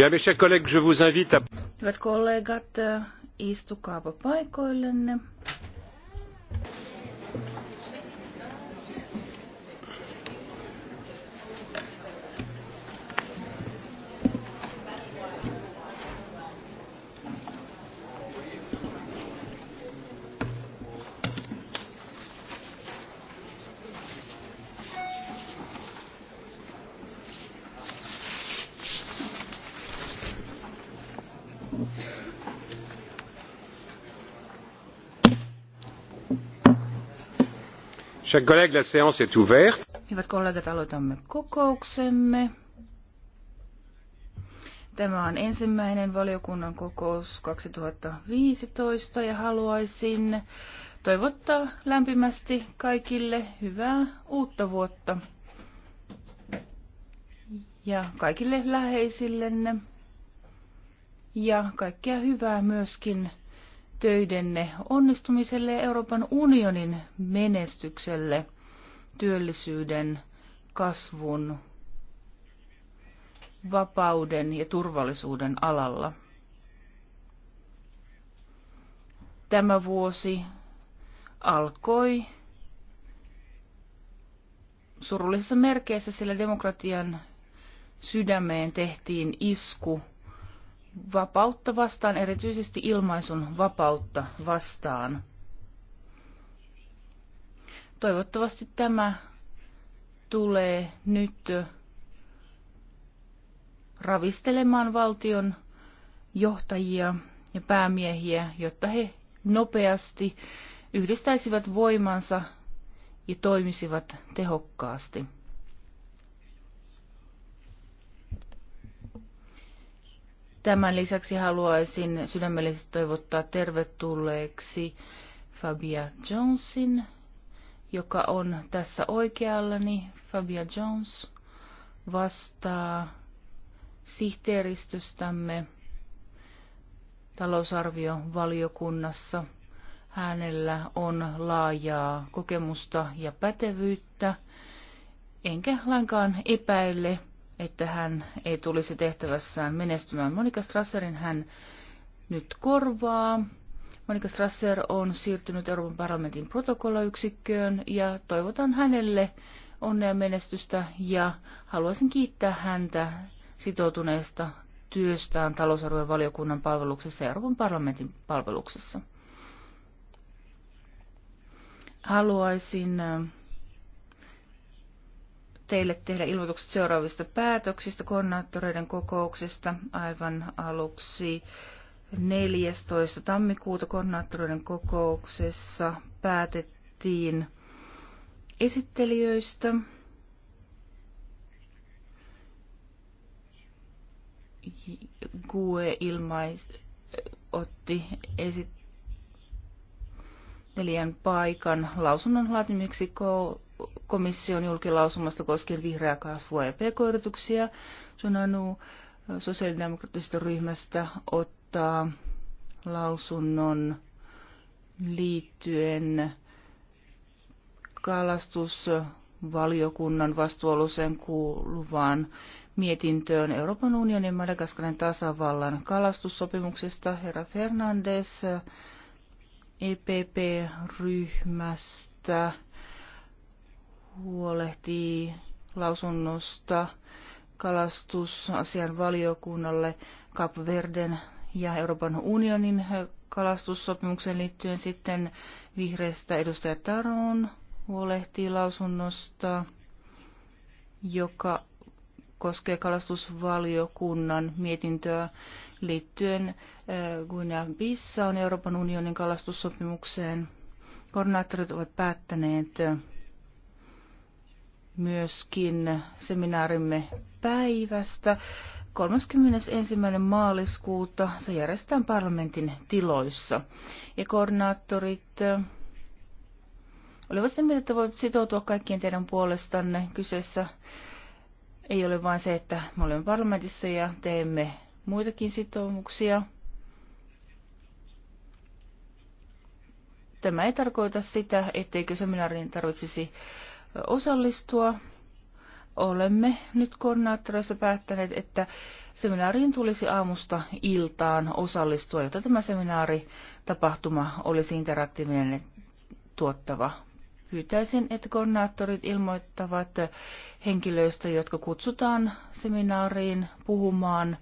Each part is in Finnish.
Mes chers collègues, je vous invite à... Hyvät kollegat, istukaapa paikoillenne. Chers collègues, la séance est ouverte. Hyvät kollegat, aloitamme kokouksemme. Tämä on ensimmäinen valiokunnan kokous 2015 ja haluaisin toivottaa lämpimästi kaikille hyvää uutta vuotta ja kaikille läheisillenne ja kaikkea hyvää myöskin töidenne onnistumiselle ja Euroopan unionin menestykselle työllisyyden, kasvun, vapauden ja turvallisuuden alalla. Tämä vuosi alkoi surullisessa merkeissä, sillä demokratian sydämeen tehtiin isku vapautta vastaan, erityisesti ilmaisun vapautta vastaan. Toivottavasti tämä tulee nyt ravistelemaan valtion johtajia ja päämiehiä, jotta he nopeasti yhdistäisivät voimansa ja toimisivat tehokkaasti. Tämän lisäksi haluaisin sydämellisesti toivottaa tervetulleeksi Fabia Jonesin, joka on tässä oikeallani. Fabia Jones vastaa sihteeristöstämme talousarviovaliokunnassa. Hänellä on laajaa kokemusta ja pätevyyttä, enkä lainkaan epäile että hän ei tulisi tehtävässään menestymään. Monika Strasserin hän nyt korvaa. Monika Strasser on siirtynyt Euroopan parlamentin protokollayksikköön ja toivotan hänelle onnea menestystä ja haluaisin kiittää häntä sitoutuneesta työstään talousarvojen valiokunnan palveluksessa ja Euroopan parlamentin palveluksessa. Haluaisin äh, teille tehdä ilmoitukset seuraavista päätöksistä koordinaattoreiden kokouksesta aivan aluksi. 14. tammikuuta koordinaattoreiden kokouksessa päätettiin esittelijöistä. GUE ilmais, otti esittelijän paikan lausunnon laatimiksi ko- komission julkilausumasta koskien vihreää kasvua ja pk-yrityksiä. Sonanu sosiaalidemokraattisesta ryhmästä ottaa lausunnon liittyen kalastusvaliokunnan vastuulliseen kuuluvaan mietintöön Euroopan unionin Madagaskarin tasavallan kalastussopimuksesta. Herra Fernandes EPP-ryhmästä huolehtii lausunnosta kalastusasian valiokunnalle Cap Verden ja Euroopan unionin kalastussopimukseen liittyen sitten vihreästä edustaja Taron huolehtii lausunnosta, joka koskee kalastusvaliokunnan mietintöä liittyen äh, Guinea-Bissaan Euroopan unionin kalastussopimukseen. Koordinaattorit ovat päättäneet äh, myöskin seminaarimme päivästä. 31. maaliskuuta se järjestetään parlamentin tiloissa. Ja koordinaattorit äh, olivat sen mieltä, että voit sitoutua kaikkien teidän puolestanne. Kyseessä ei ole vain se, että me olemme parlamentissa ja teemme muitakin sitoumuksia. Tämä ei tarkoita sitä, etteikö seminaarin tarvitsisi osallistua. Olemme nyt koordinaattoreissa päättäneet, että seminaariin tulisi aamusta iltaan osallistua, jotta tämä seminaari tapahtuma olisi interaktiivinen ja tuottava. Pyytäisin, että koordinaattorit ilmoittavat henkilöistä, jotka kutsutaan seminaariin puhumaan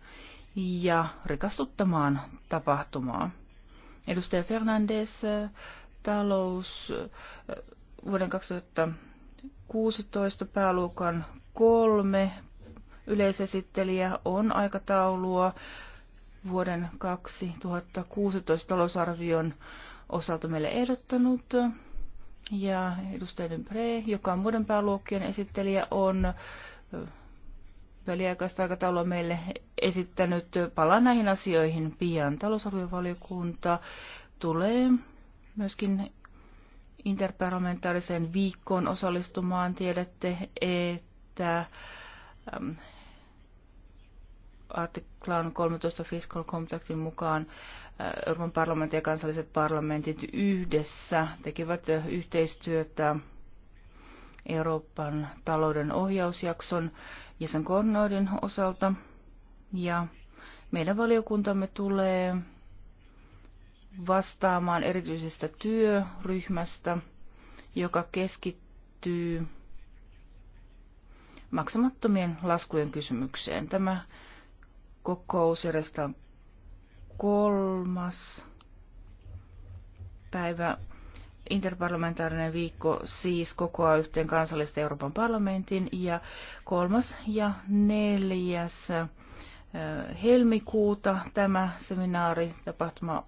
ja rikastuttamaan tapahtumaa. Edustaja Fernandes, talous vuoden 2000 16 pääluokan kolme yleisesittelijä on aikataulua vuoden 2016 talousarvion osalta meille ehdottanut. Ja edustaja Dempre, joka on muiden pääluokkien esittelijä, on väliaikaista aikataulua meille esittänyt. Palaan näihin asioihin pian. Talousarviovaliokunta tulee myöskin interparlamentaariseen viikkoon osallistumaan. Tiedätte, että äm, artiklan 13 Fiscal contactin mukaan Euroopan parlamentti ja kansalliset parlamentit yhdessä tekivät yhteistyötä Euroopan talouden ohjausjakson ja sen koordinoiden osalta. Ja meidän valiokuntamme tulee vastaamaan erityisestä työryhmästä, joka keskittyy maksamattomien laskujen kysymykseen. Tämä kokous järjestetään kolmas päivä. Interparlamentaarinen viikko siis kokoaa yhteen kansallista Euroopan parlamentin ja kolmas ja neljäs helmikuuta tämä seminaari tapahtuma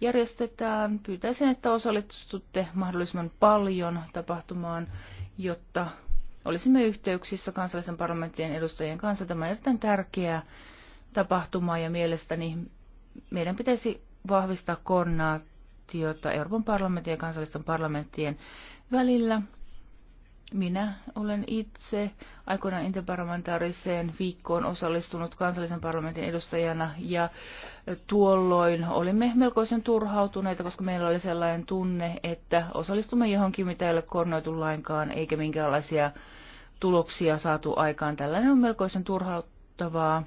järjestetään. Pyytäisin, että osallistutte mahdollisimman paljon tapahtumaan, jotta olisimme yhteyksissä kansallisen parlamenttien edustajien kanssa. Tämä on erittäin tärkeä tapahtuma ja mielestäni meidän pitäisi vahvistaa koordinaatiota Euroopan parlamentin ja kansallisten parlamenttien välillä minä olen itse aikoinaan interparlamentaariseen viikkoon osallistunut kansallisen parlamentin edustajana ja tuolloin olimme melkoisen turhautuneita, koska meillä oli sellainen tunne, että osallistumme johonkin, mitä ei ole koordinoitu lainkaan, eikä minkäänlaisia tuloksia saatu aikaan. Tällainen on melkoisen turhauttavaa.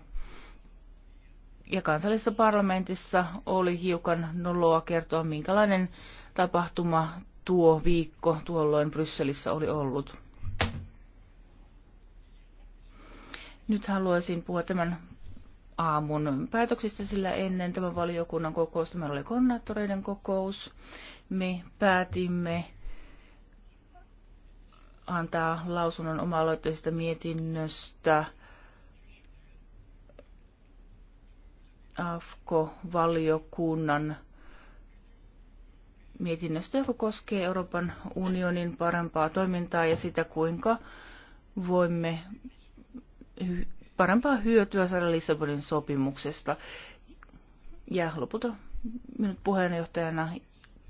Ja kansallisessa parlamentissa oli hiukan noloa kertoa, minkälainen tapahtuma tuo viikko tuolloin Brysselissä oli ollut. Nyt haluaisin puhua tämän aamun päätöksistä, sillä ennen tämän valiokunnan kokousta meillä oli konnaattoreiden kokous. Me päätimme antaa lausunnon oma-aloitteisesta mietinnöstä AFKO-valiokunnan mietinnöstä, joka koskee Euroopan unionin parempaa toimintaa ja sitä, kuinka voimme parempaa hyötyä saada Lissabonin sopimuksesta. Ja lopulta minut puheenjohtajana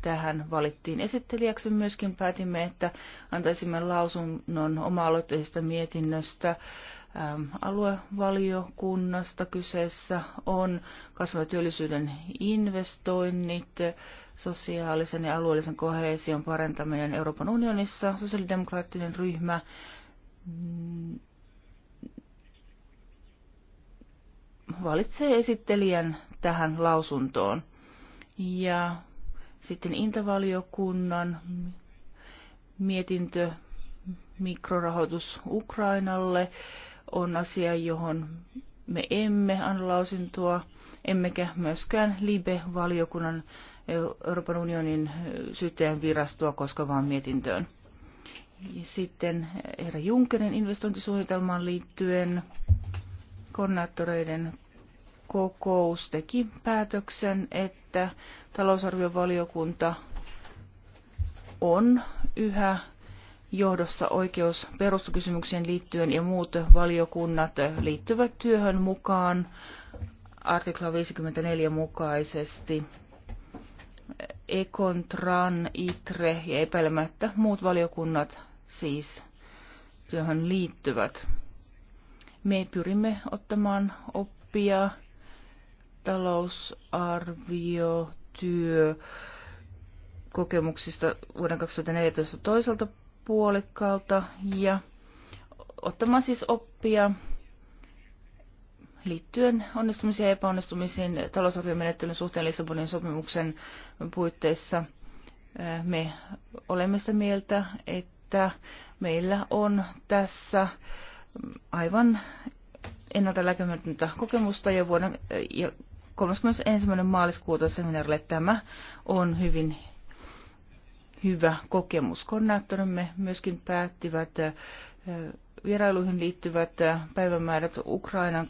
tähän valittiin esittelijäksi. Myöskin päätimme, että antaisimme lausunnon oma-aloitteisesta mietinnöstä aluevaliokunnasta. Kyseessä on kasvun työllisyyden investoinnit, sosiaalisen ja alueellisen kohesion parantaminen Euroopan unionissa, sosiaalidemokraattinen ryhmä, mm, valitsee esittelijän tähän lausuntoon. Ja sitten intavaliokunnan mietintö mikrorahoitus Ukrainalle on asia, johon me emme anna lausuntoa, emmekä myöskään LIBE-valiokunnan e, Euroopan unionin e, syyttäjän virastoa koskevaan mietintöön. Sitten herra Junckerin investointisuunnitelmaan liittyen koordinaattoreiden kokous teki päätöksen, että talousarviovaliokunta on yhä johdossa oikeus perustukysymykseen liittyen ja muut valiokunnat liittyvät työhön mukaan artikla 54 mukaisesti. Ekon, Tran, ITRE ja epäilemättä muut valiokunnat siis työhön liittyvät. Me pyrimme ottamaan oppia talousarvio, työ, kokemuksista vuoden 2014 toiselta puolikkaalta ja ottamaan siis oppia liittyen onnistumisiin ja epäonnistumisiin talousarviomenettelyn suhteen Lissabonin sopimuksen puitteissa. Äh, me olemme sitä mieltä, että meillä on tässä aivan ennalta näkemätöntä kokemusta äh, ja vuoden ja 31. maaliskuuta seminaarille tämä on hyvin hyvä kokemus. Koordinaattorimme myöskin päättivät vierailuihin liittyvät päivämäärät Ukrainan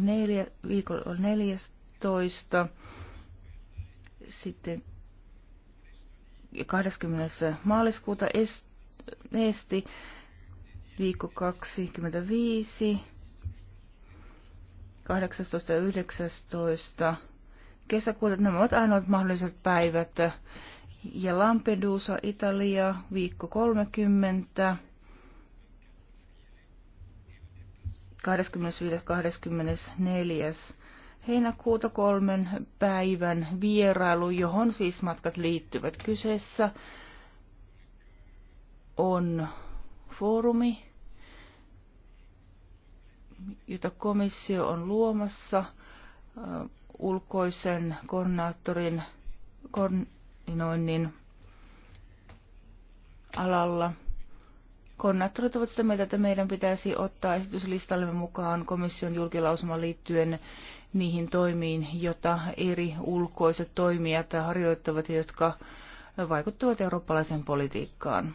neljä, viikolla 14, sitten 20. maaliskuuta Eesti, viikko 25, 18 ja 19 kesäkuuta. Nämä ovat ainoat mahdolliset päivät ja Lampedusa, Italia, viikko 30. 25.–24. heinäkuuta kolmen päivän vierailu, johon siis matkat liittyvät. Kyseessä on foorumi, jota komissio on luomassa ulkoisen koordinaattorin kon, niin alalla. Konnattorit ovat sitä mieltä, että meidän pitäisi ottaa esityslistallemme mukaan komission julkilausuma liittyen niihin toimiin, jota eri ulkoiset toimijat harjoittavat, jotka vaikuttavat eurooppalaiseen politiikkaan.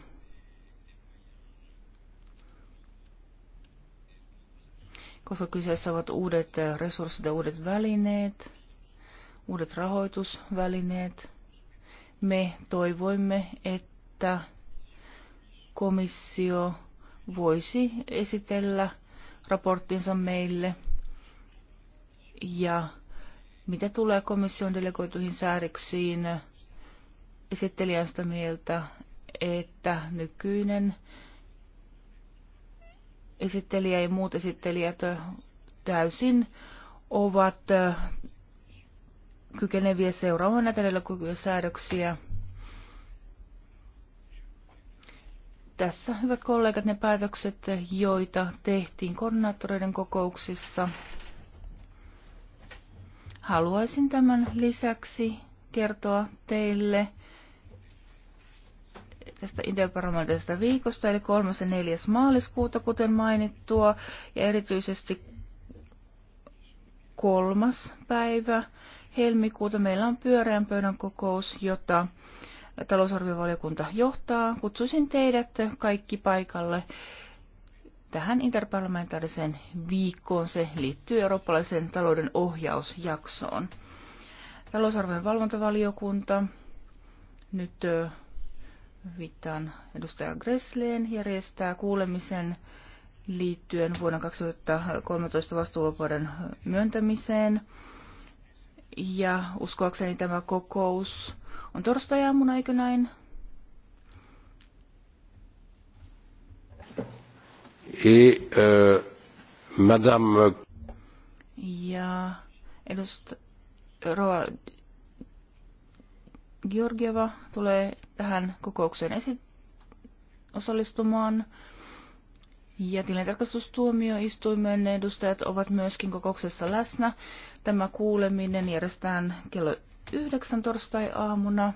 Koska kyseessä ovat uudet resurssit ja uudet välineet, uudet rahoitusvälineet, me toivoimme, että komissio voisi esitellä raporttinsa meille ja mitä tulee komission delegoituihin säädöksiin, esittelijän sitä mieltä, että nykyinen esittelijä ja muut esittelijät täysin ovat kykeneviä seuraamaan näitä säädöksiä. Tässä, hyvät kollegat, ne päätökset, joita tehtiin koordinaattoreiden kokouksissa. Haluaisin tämän lisäksi kertoa teille tästä interparlamentaisesta viikosta, eli 3. ja 4. maaliskuuta, kuten mainittua, ja erityisesti kolmas päivä helmikuuta meillä on pyöreän pöydän kokous, jota talousarviovaliokunta johtaa. Kutsuisin teidät kaikki paikalle tähän interparlamentaariseen viikkoon. Se liittyy eurooppalaisen talouden ohjausjaksoon. Talousarvojen valvontavaliokunta nyt viittaan edustaja Gressleen järjestää kuulemisen liittyen vuonna 2013 vastuuvapauden myöntämiseen. Ja uskoakseni tämä kokous on torstai-aamuna, eikö näin? Et, euh, Madame... Ja edust... Roa Georgieva tulee tähän kokoukseen esi- osallistumaan ja tilintarkastustuomioistuimen edustajat ovat myöskin kokouksessa läsnä. Tämä kuuleminen järjestetään kello yhdeksän torstai-aamuna.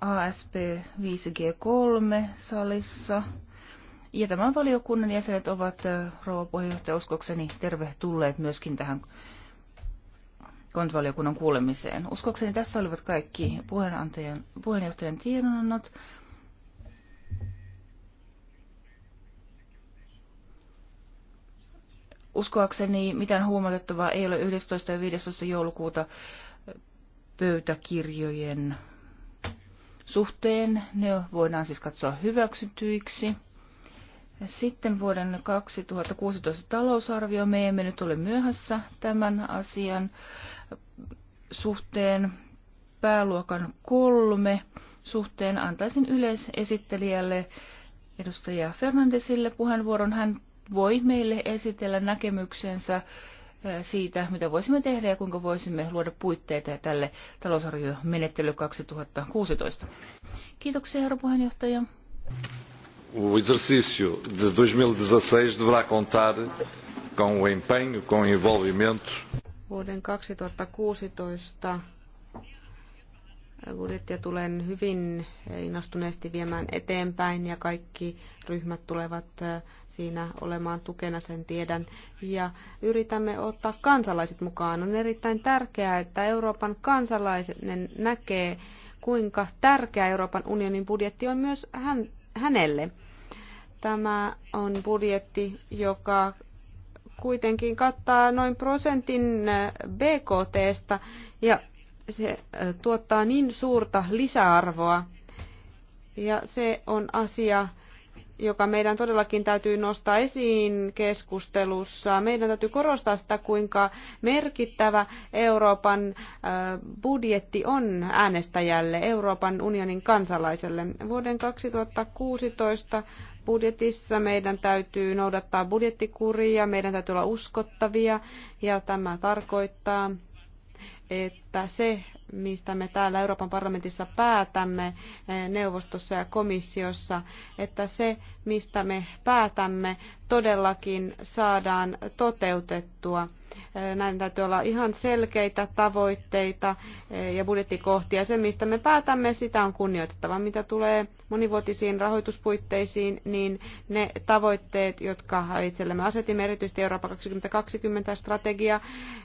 ASP 5G3 salissa. Ja tämän valiokunnan jäsenet ovat rouva puheenjohtaja uskokseni tervetulleet myöskin tähän kontvaliokunnan kuulemiseen. Uskokseni tässä olivat kaikki puheenantajan, puheenjohtajan tiedonannot. Uskoakseni mitään huomautettavaa ei ole 11. ja 15. joulukuuta pöytäkirjojen suhteen. Ne voidaan siis katsoa hyväksytyiksi. Sitten vuoden 2016 talousarvio. Me emme nyt ole myöhässä tämän asian suhteen, pääluokan kolme suhteen antaisin yleisesittelijälle edustaja Fernandesille puheenvuoron. Hän voi meille esitellä näkemyksensä eh, siitä, mitä voisimme tehdä ja kuinka voisimme luoda puitteita tälle talousarviomenettelylle 2016. Kiitoksia, herra puheenjohtaja. O exercício de 2016 deverá contar com o empenho, com o envolvimento Vuoden 2016 budjettia tulen hyvin innostuneesti viemään eteenpäin ja kaikki ryhmät tulevat siinä olemaan tukena, sen tiedän. Ja yritämme ottaa kansalaiset mukaan. On erittäin tärkeää, että Euroopan kansalainen näkee, kuinka tärkeä Euroopan unionin budjetti on myös hän, hänelle. Tämä on budjetti, joka kuitenkin kattaa noin prosentin eh, BKTstä ja se eh, tuottaa niin suurta lisäarvoa. Ja se on asia, joka meidän todellakin täytyy nostaa esiin keskustelussa. Meidän täytyy korostaa sitä, kuinka merkittävä Euroopan eh, budjetti on äänestäjälle, Euroopan unionin kansalaiselle. Vuoden 2016 budjetissa. Meidän täytyy noudattaa budjettikuria, meidän täytyy olla uskottavia ja tämä tarkoittaa, että se, mistä me täällä Euroopan parlamentissa päätämme eh, neuvostossa ja komissiossa, että se, mistä me päätämme, todellakin saadaan toteutettua näin täytyy olla ihan selkeitä tavoitteita e, ja budjettikohtia. Se, mistä me päätämme, sitä on kunnioitettava. Mitä tulee monivuotisiin rahoituspuitteisiin, niin ne tavoitteet, jotka itsellemme asetimme, erityisesti Eurooppa 2020 strategia,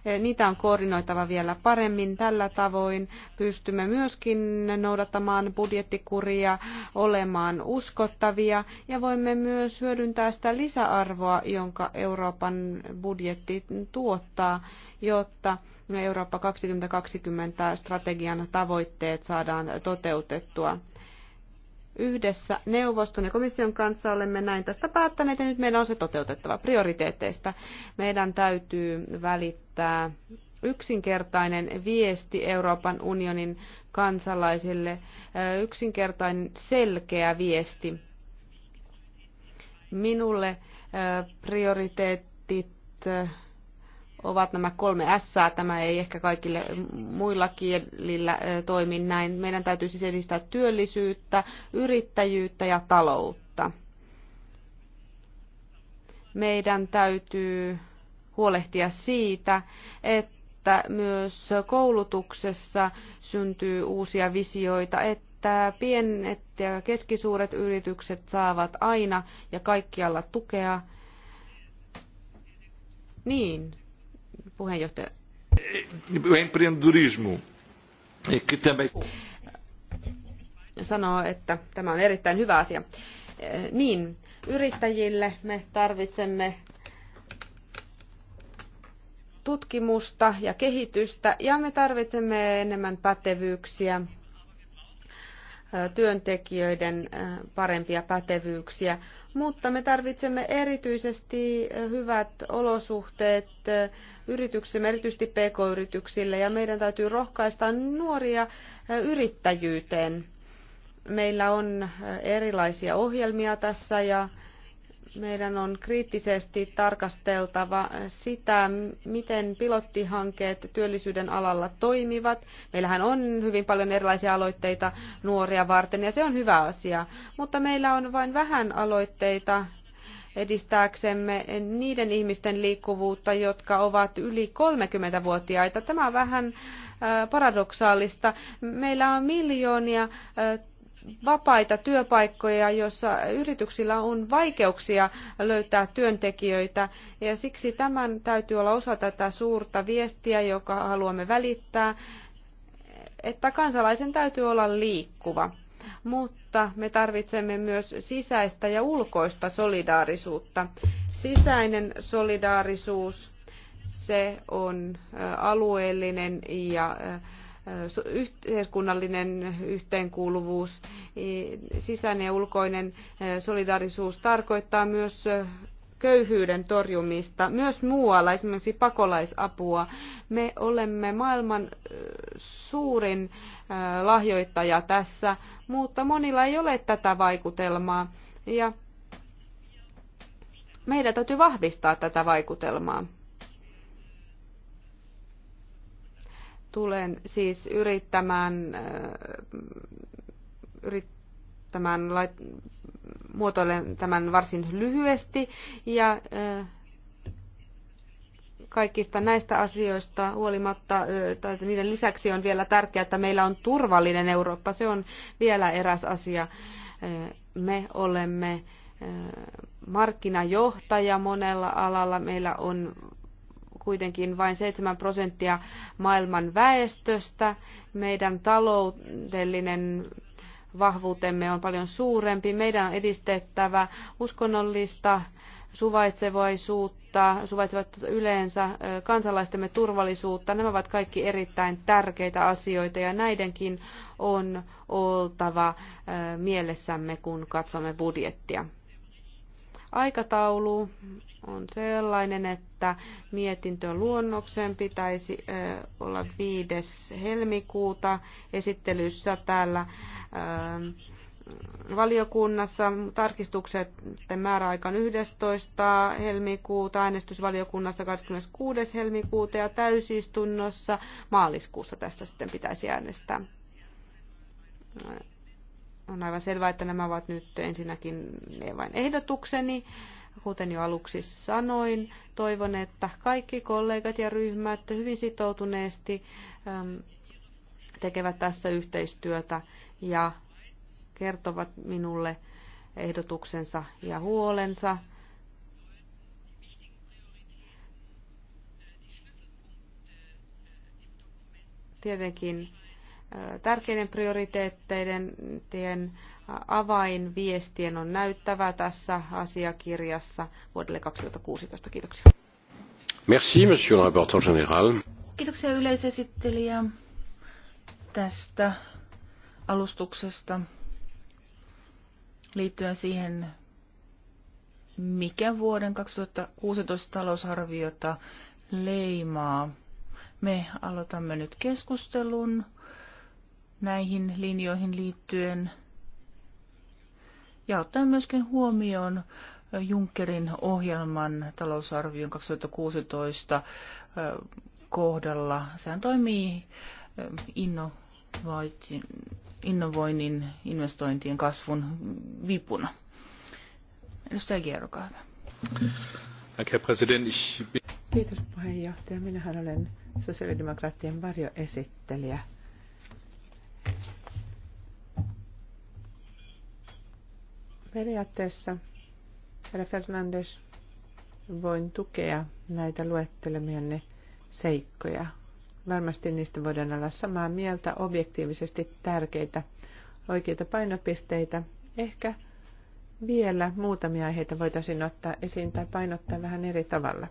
e, niitä on koordinoitava vielä paremmin. Tällä tavoin pystymme myöskin noudattamaan budjettikuria, olemaan uskottavia ja voimme myös hyödyntää sitä lisäarvoa, jonka Euroopan budjetti tuo tuottaa, jotta Eurooppa 2020 strategian tavoitteet saadaan toteutettua. Yhdessä neuvoston ja komission kanssa olemme näin tästä päättäneet ja nyt meidän on se toteutettava prioriteetteista. Meidän täytyy välittää yksinkertainen viesti Euroopan unionin kansalaisille, yksinkertainen selkeä viesti. Minulle prioriteetit ovat nämä kolme S. Tämä ei ehkä kaikille muilla kielillä toimi näin. Meidän täytyy siis edistää työllisyyttä, yrittäjyyttä ja taloutta. Meidän täytyy huolehtia siitä, että myös koulutuksessa syntyy uusia visioita, että pienet ja keskisuuret yritykset saavat aina ja kaikkialla tukea. Niin, puheenjohtaja. Sanoo, että tämä on erittäin hyvä asia. Niin, yrittäjille me tarvitsemme tutkimusta ja kehitystä ja me tarvitsemme enemmän pätevyyksiä, työntekijöiden parempia pätevyyksiä, mutta me tarvitsemme erityisesti hyvät olosuhteet yrityksille, erityisesti pk-yrityksille, ja meidän täytyy rohkaista nuoria yrittäjyyteen. Meillä on erilaisia ohjelmia tässä ja meidän on kriittisesti tarkasteltava sitä, miten pilottihankkeet työllisyyden alalla toimivat. Meillähän on hyvin paljon erilaisia aloitteita nuoria varten ja se on hyvä asia, mutta meillä on vain vähän aloitteita edistääksemme niiden ihmisten liikkuvuutta, jotka ovat yli 30-vuotiaita. Tämä on vähän äh, paradoksaalista. Meillä on miljoonia äh, vapaita työpaikkoja, joissa yrityksillä on vaikeuksia löytää työntekijöitä. Ja siksi tämän täytyy olla osa tätä suurta viestiä, joka haluamme välittää, että kansalaisen täytyy olla liikkuva. Mutta me tarvitsemme myös sisäistä ja ulkoista solidaarisuutta. Sisäinen solidaarisuus, se on alueellinen ja yhteiskunnallinen yhteenkuuluvuus, sisäinen ja ulkoinen solidaarisuus tarkoittaa myös köyhyyden torjumista, myös muualla, esimerkiksi pakolaisapua. Me olemme maailman suurin lahjoittaja tässä, mutta monilla ei ole tätä vaikutelmaa ja meidän täytyy vahvistaa tätä vaikutelmaa. Tulen siis yrittämään, äh, yrittämään lait, muotoilen tämän varsin lyhyesti ja äh, kaikista näistä asioista huolimatta, äh, tai niiden lisäksi on vielä tärkeää, että meillä on turvallinen Eurooppa. Se on vielä eräs asia. Me olemme markkinajohtaja monella alalla. Meillä on kuitenkin vain 7 prosenttia maailman väestöstä. Meidän taloudellinen vahvuutemme on paljon suurempi. Meidän on edistettävä uskonnollista suvaitsevaisuutta, suvaitsevat yleensä, kansalaistemme turvallisuutta. Nämä ovat kaikki erittäin tärkeitä asioita ja näidenkin on oltava mielessämme, kun katsomme budjettia. Aikataulu on sellainen, että mietintö luonnoksen pitäisi olla 5. helmikuuta esittelyssä täällä valiokunnassa. Tarkistukset määräaikaan 11. helmikuuta, äänestysvaliokunnassa 26. helmikuuta ja täysistunnossa maaliskuussa tästä sitten pitäisi äänestää. On aivan selvää, että nämä ovat nyt ensinnäkin vain ehdotukseni. Kuten jo aluksi sanoin, toivon, että kaikki kollegat ja ryhmät hyvin sitoutuneesti ähm, tekevät tässä yhteistyötä ja kertovat minulle ehdotuksensa ja huolensa. Tietenkin äh, tärkeiden prioriteetteiden avainviestien on näyttävä tässä asiakirjassa vuodelle 2016. Kiitoksia. Merci, monsieur le rapporteur général. Kiitoksia yleisesittelijä tästä alustuksesta liittyen siihen, mikä vuoden 2016 talousarviota leimaa. Me aloitamme nyt keskustelun näihin linjoihin liittyen ja ottaa myöskin huomioon Junckerin ohjelman talousarvion 2016 kohdalla. Sehän toimii innovoinnin, investointien kasvun vipuna. Edustaja Gieroka, hyvä. Kiitos puheenjohtaja. Minähän olen sosiaalidemokraattien varjoesittelijä Periaatteessa, herra Fernandes, voin tukea näitä luettelemianne seikkoja. Varmasti niistä voidaan olla samaa mieltä, objektiivisesti tärkeitä, oikeita painopisteitä. Ehkä vielä muutamia aiheita voitaisiin ottaa esiin tai painottaa vähän eri tavalla.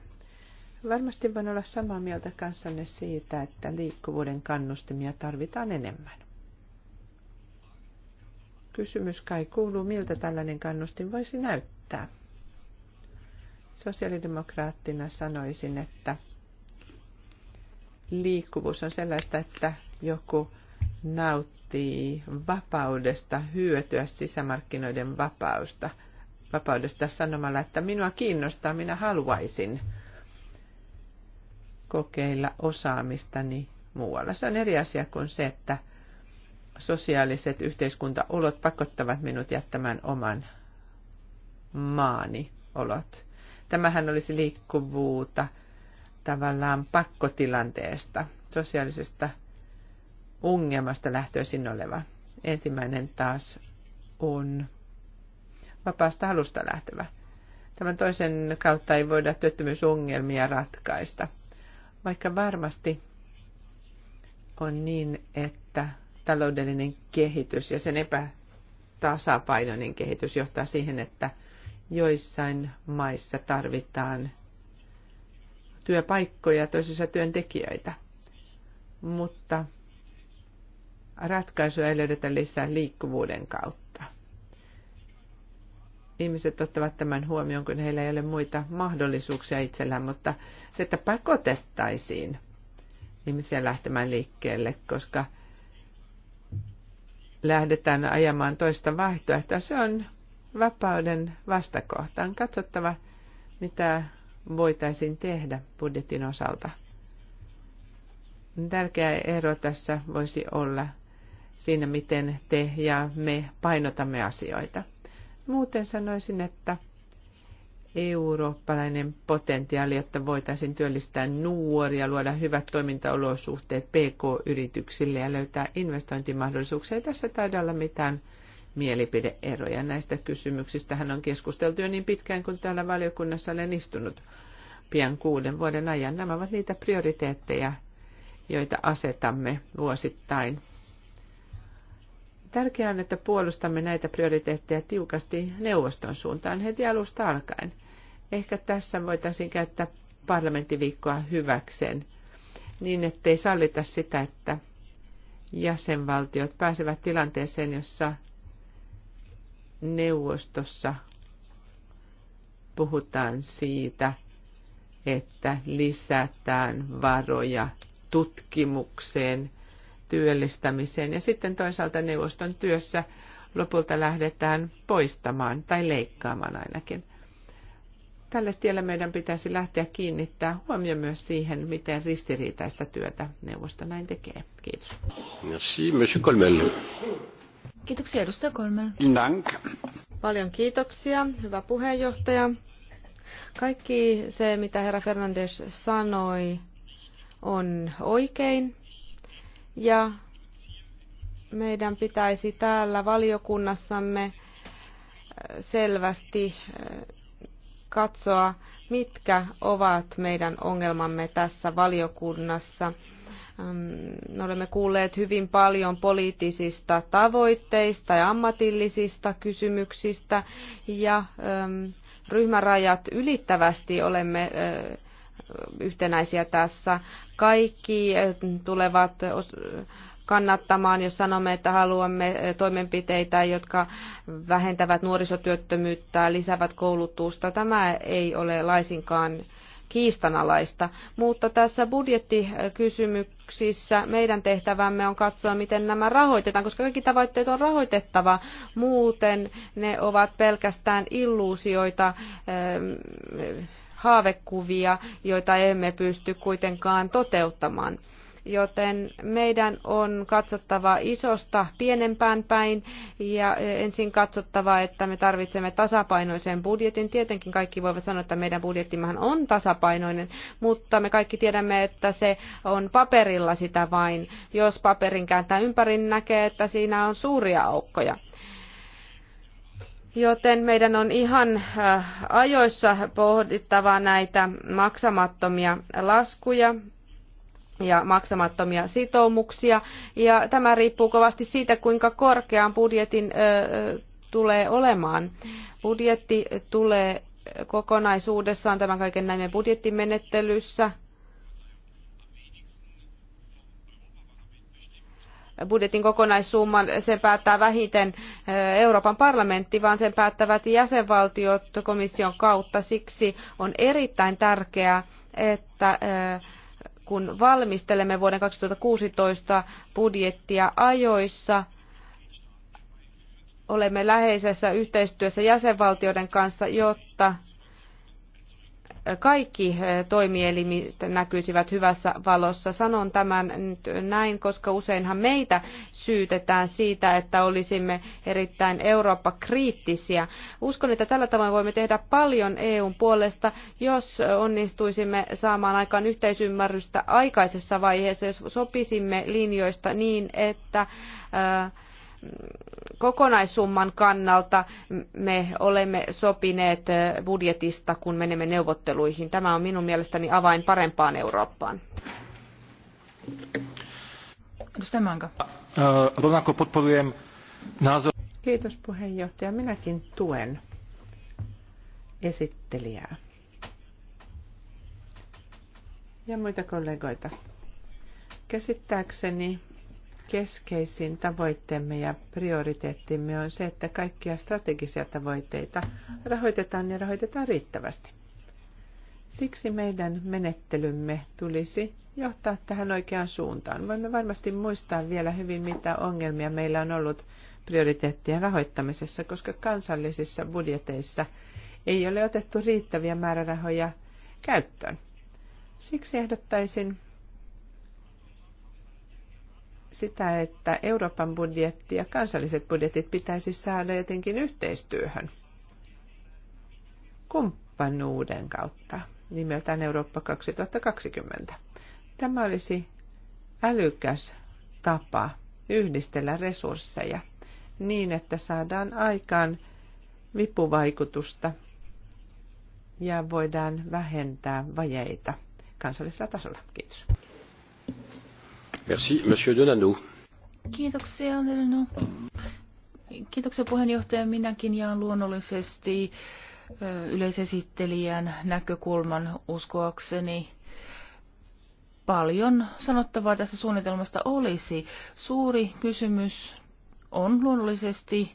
Varmasti voin olla samaa mieltä kanssanne siitä, että liikkuvuuden kannustimia tarvitaan enemmän. Kysymys kai kuuluu, miltä tällainen kannustin voisi näyttää. Sosiaalidemokraattina sanoisin, että liikkuvuus on sellaista, että joku nauttii vapaudesta hyötyä sisämarkkinoiden vapausta, vapaudesta sanomalla, että minua kiinnostaa, minä haluaisin kokeilla osaamistani muualla. Se on eri asia kuin se, että sosiaaliset yhteiskuntaolot pakottavat minut jättämään oman maani olot. Tämähän olisi liikkuvuutta tavallaan pakkotilanteesta, sosiaalisesta ongelmasta lähtöisin oleva. Ensimmäinen taas on vapaasta halusta lähtevä. Tämän toisen kautta ei voida työttömyysongelmia ratkaista, vaikka varmasti on niin, että taloudellinen kehitys ja sen epätasapainoinen kehitys johtaa siihen, että joissain maissa tarvitaan työpaikkoja ja toisissa työntekijöitä. Mutta ratkaisuja ei löydetä lisää liikkuvuuden kautta. Ihmiset ottavat tämän huomioon, kun heillä ei ole muita mahdollisuuksia itsellään, mutta se, että pakotettaisiin ihmisiä lähtemään liikkeelle, koska lähdetään ajamaan toista vaihtoehtoa. Se on vapauden vastakohta. On katsottava, mitä voitaisiin tehdä budjetin osalta. Tärkeä ero tässä voisi olla siinä, miten te ja me painotamme asioita. Muuten sanoisin, että eurooppalainen potentiaali, jotta voitaisiin työllistää nuoria, luoda hyvät toimintaolosuhteet PK-yrityksille ja löytää investointimahdollisuuksia. Ei tässä taida olla mitään mielipideeroja. Näistä kysymyksistä. Hän on keskusteltu jo niin pitkään, kun täällä valiokunnassa olen istunut pian kuuden vuoden ajan. Nämä ovat niitä prioriteetteja, joita asetamme vuosittain. Tärkeää on, että puolustamme näitä prioriteetteja tiukasti neuvoston suuntaan heti alusta alkaen. Ehkä tässä voitaisiin käyttää parlamenttiviikkoa hyväkseen niin, ettei sallita sitä, että jäsenvaltiot pääsevät tilanteeseen, jossa neuvostossa puhutaan siitä, että lisätään varoja tutkimukseen, työllistämiseen ja sitten toisaalta neuvoston työssä lopulta lähdetään poistamaan tai leikkaamaan ainakin – Tälle tielle meidän pitäisi lähteä kiinnittää huomio myös siihen, miten ristiriitaista työtä neuvosto näin tekee. Kiitos. Merci, monsieur Colmel. Kiitoksia, edustaja Colmel. Dank. Paljon kiitoksia, hyvä puheenjohtaja. Kaikki se, mitä herra Fernandes sanoi, on oikein. Ja meidän pitäisi täällä valiokunnassamme äh, selvästi äh, katsoa, mitkä ovat meidän ongelmamme tässä valiokunnassa. Me olemme kuulleet hyvin paljon poliittisista tavoitteista ja ammatillisista kysymyksistä ja ryhmärajat ylittävästi olemme yhtenäisiä tässä. Kaikki tulevat kannattamaan, jos sanomme, että haluamme eh, toimenpiteitä, jotka vähentävät nuorisotyöttömyyttä, lisäävät koulutusta. Tämä ei ole laisinkaan kiistanalaista, mutta tässä budjettikysymyksissä meidän tehtävämme on katsoa, miten nämä rahoitetaan, koska kaikki tavoitteet on rahoitettava, muuten ne ovat pelkästään illuusioita, eh, haavekuvia, joita emme pysty kuitenkaan toteuttamaan joten meidän on katsottava isosta pienempään päin ja ensin katsottava, että me tarvitsemme tasapainoisen budjetin. Tietenkin kaikki voivat sanoa, että meidän budjettimahan on tasapainoinen, mutta me kaikki tiedämme, että se on paperilla sitä vain. Jos paperin kääntää ympäri, näkee, että siinä on suuria aukkoja. Joten meidän on ihan äh, ajoissa pohdittava näitä maksamattomia laskuja ja maksamattomia sitoumuksia. Ja tämä riippuu kovasti siitä, kuinka korkean budjetin tulee olemaan. Budjetti tulee kokonaisuudessaan tämän kaiken näimme budjettimenettelyssä. Budjetin kokonaissumman sen päättää vähiten Euroopan parlamentti, vaan sen päättävät jäsenvaltiot komission kautta. Siksi on erittäin tärkeää, että kun valmistelemme vuoden 2016 budjettia ajoissa, olemme läheisessä yhteistyössä jäsenvaltioiden kanssa, jotta kaikki eh, toimielimet näkyisivät hyvässä valossa. Sanon tämän nyt näin, koska useinhan meitä syytetään siitä, että olisimme erittäin Eurooppa-kriittisiä. Uskon, että tällä tavoin voimme tehdä paljon EUn puolesta, jos onnistuisimme saamaan aikaan yhteisymmärrystä aikaisessa vaiheessa, jos sopisimme linjoista niin, että äh, kokonaissumman kannalta me olemme sopineet budjetista, kun menemme neuvotteluihin. Tämä on minun mielestäni avain parempaan Eurooppaan. Äh, Kiitos puheenjohtaja. Minäkin tuen esittelijää ja muita kollegoita. Käsittääkseni keskeisin tavoitteemme ja prioriteettimme on se, että kaikkia strategisia tavoitteita rahoitetaan ja rahoitetaan riittävästi. Siksi meidän menettelymme tulisi johtaa tähän oikeaan suuntaan. Voimme varmasti muistaa vielä hyvin, mitä ongelmia meillä on ollut prioriteettien rahoittamisessa, koska kansallisissa budjeteissa ei ole otettu riittäviä määrärahoja käyttöön. Siksi ehdottaisin sitä, että Euroopan budjetti ja kansalliset budjetit pitäisi saada jotenkin yhteistyöhön kumppanuuden kautta nimeltään Eurooppa 2020. Tämä olisi älykäs tapa yhdistellä resursseja niin, että saadaan aikaan vipuvaikutusta ja voidaan vähentää vajeita kansallisella tasolla. Kiitos. Merci, Monsieur Kiitoksia, Delano. Kiitoksia puheenjohtaja. Minäkin jaan luonnollisesti yleisesittelijän näkökulman uskoakseni paljon sanottavaa tässä suunnitelmasta olisi. Suuri kysymys on luonnollisesti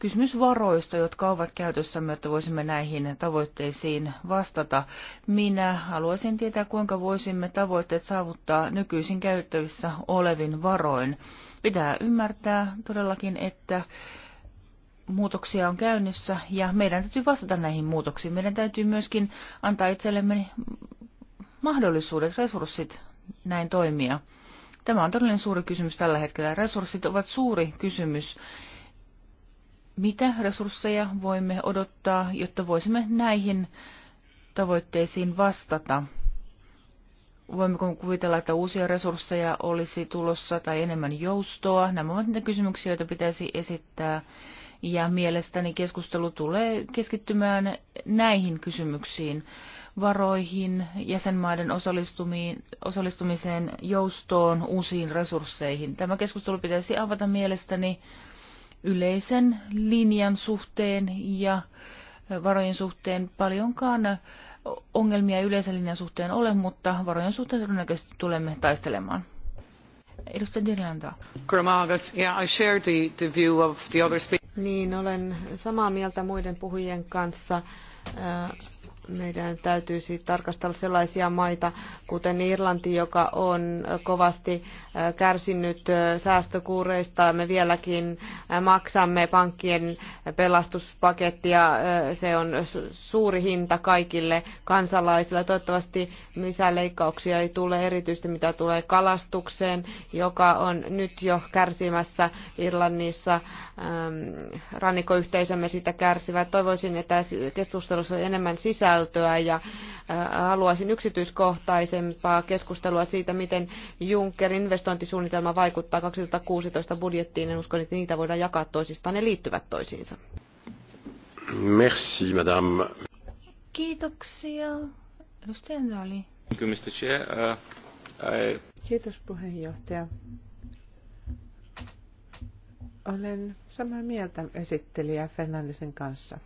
kysymys varoista, jotka ovat käytössämme, että voisimme näihin tavoitteisiin vastata. Minä haluaisin tietää, kuinka voisimme tavoitteet saavuttaa nykyisin käyttävissä olevin varoin. Pitää ymmärtää todellakin, että muutoksia on käynnissä ja meidän täytyy vastata näihin muutoksiin. Meidän täytyy myöskin antaa itsellemme mahdollisuudet, resurssit näin toimia. Tämä on todellinen suuri kysymys tällä hetkellä. Resurssit ovat suuri kysymys mitä resursseja voimme odottaa, jotta voisimme näihin tavoitteisiin vastata? Voimmeko kuvitella, että uusia resursseja olisi tulossa tai enemmän joustoa? Nämä ovat niitä kysymyksiä, joita pitäisi esittää. Ja mielestäni keskustelu tulee keskittymään näihin kysymyksiin, varoihin, jäsenmaiden osallistumiseen, joustoon, uusiin resursseihin. Tämä keskustelu pitäisi avata mielestäni yleisen linjan suhteen ja varojen suhteen paljonkaan ongelmia yleisen linjan suhteen ole, mutta varojen suhteen todennäköisesti tulemme taistelemaan. Edustaja Dirlanda. I share the, the view of the other Niin, olen samaa mieltä muiden puhujien kanssa. Äh, meidän täytyisi tarkastella sellaisia maita, kuten Irlanti, joka on kovasti kärsinyt säästökuureista. Me vieläkin maksamme pankkien pelastuspakettia. Se on suuri hinta kaikille kansalaisille. Toivottavasti lisäleikkauksia ei tule, erityisesti mitä tulee kalastukseen, joka on nyt jo kärsimässä Irlannissa. Rannikoyhteisömme sitä kärsivät. Toivoisin, että keskustelussa on enemmän sisällä sisältöä ja äh, haluaisin yksityiskohtaisempaa keskustelua siitä, miten Junckerin investointisuunnitelma vaikuttaa 2016 budjettiin. En usko, että niitä voidaan jakaa toisistaan. Ne liittyvät toisiinsa. Merci, madame. Kiitoksia. Edustaja Dali. Uh, Kiitos puheenjohtaja. Olen samaa mieltä esittelijä Fernandesin kanssa.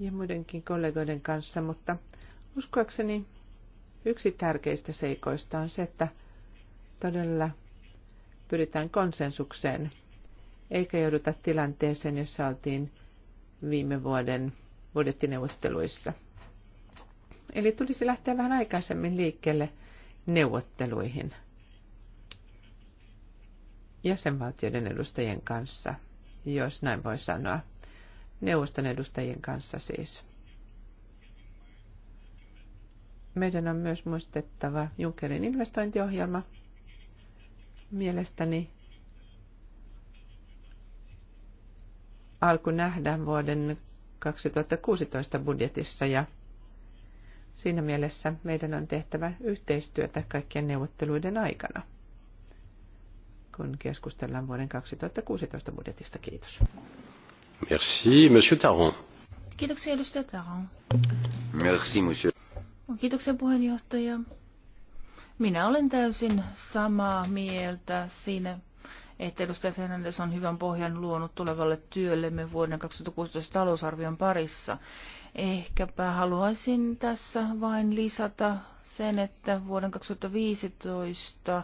ja muidenkin kollegoiden kanssa, mutta uskoakseni yksi tärkeistä seikoista on se, että todella pyritään konsensukseen, eikä jouduta tilanteeseen, jossa oltiin viime vuoden budjettineuvotteluissa. Eli tulisi lähteä vähän aikaisemmin liikkeelle neuvotteluihin jäsenvaltioiden edustajien kanssa, jos näin voi sanoa neuvoston edustajien kanssa siis. Meidän on myös muistettava Junckerin investointiohjelma. Mielestäni alku nähdään vuoden 2016 budjetissa ja siinä mielessä meidän on tehtävä yhteistyötä kaikkien neuvotteluiden aikana, kun keskustellaan vuoden 2016 budjetista. Kiitos. Kiitoksia, edustaja Taron. Merci, Monsieur. Kiitoksia, puheenjohtaja. Minä olen täysin samaa mieltä siinä, että edustaja Fernandes on hyvän pohjan luonut tulevalle työllemme vuoden 2016 talousarvion parissa. Ehkäpä haluaisin tässä vain lisätä sen, että vuoden 2015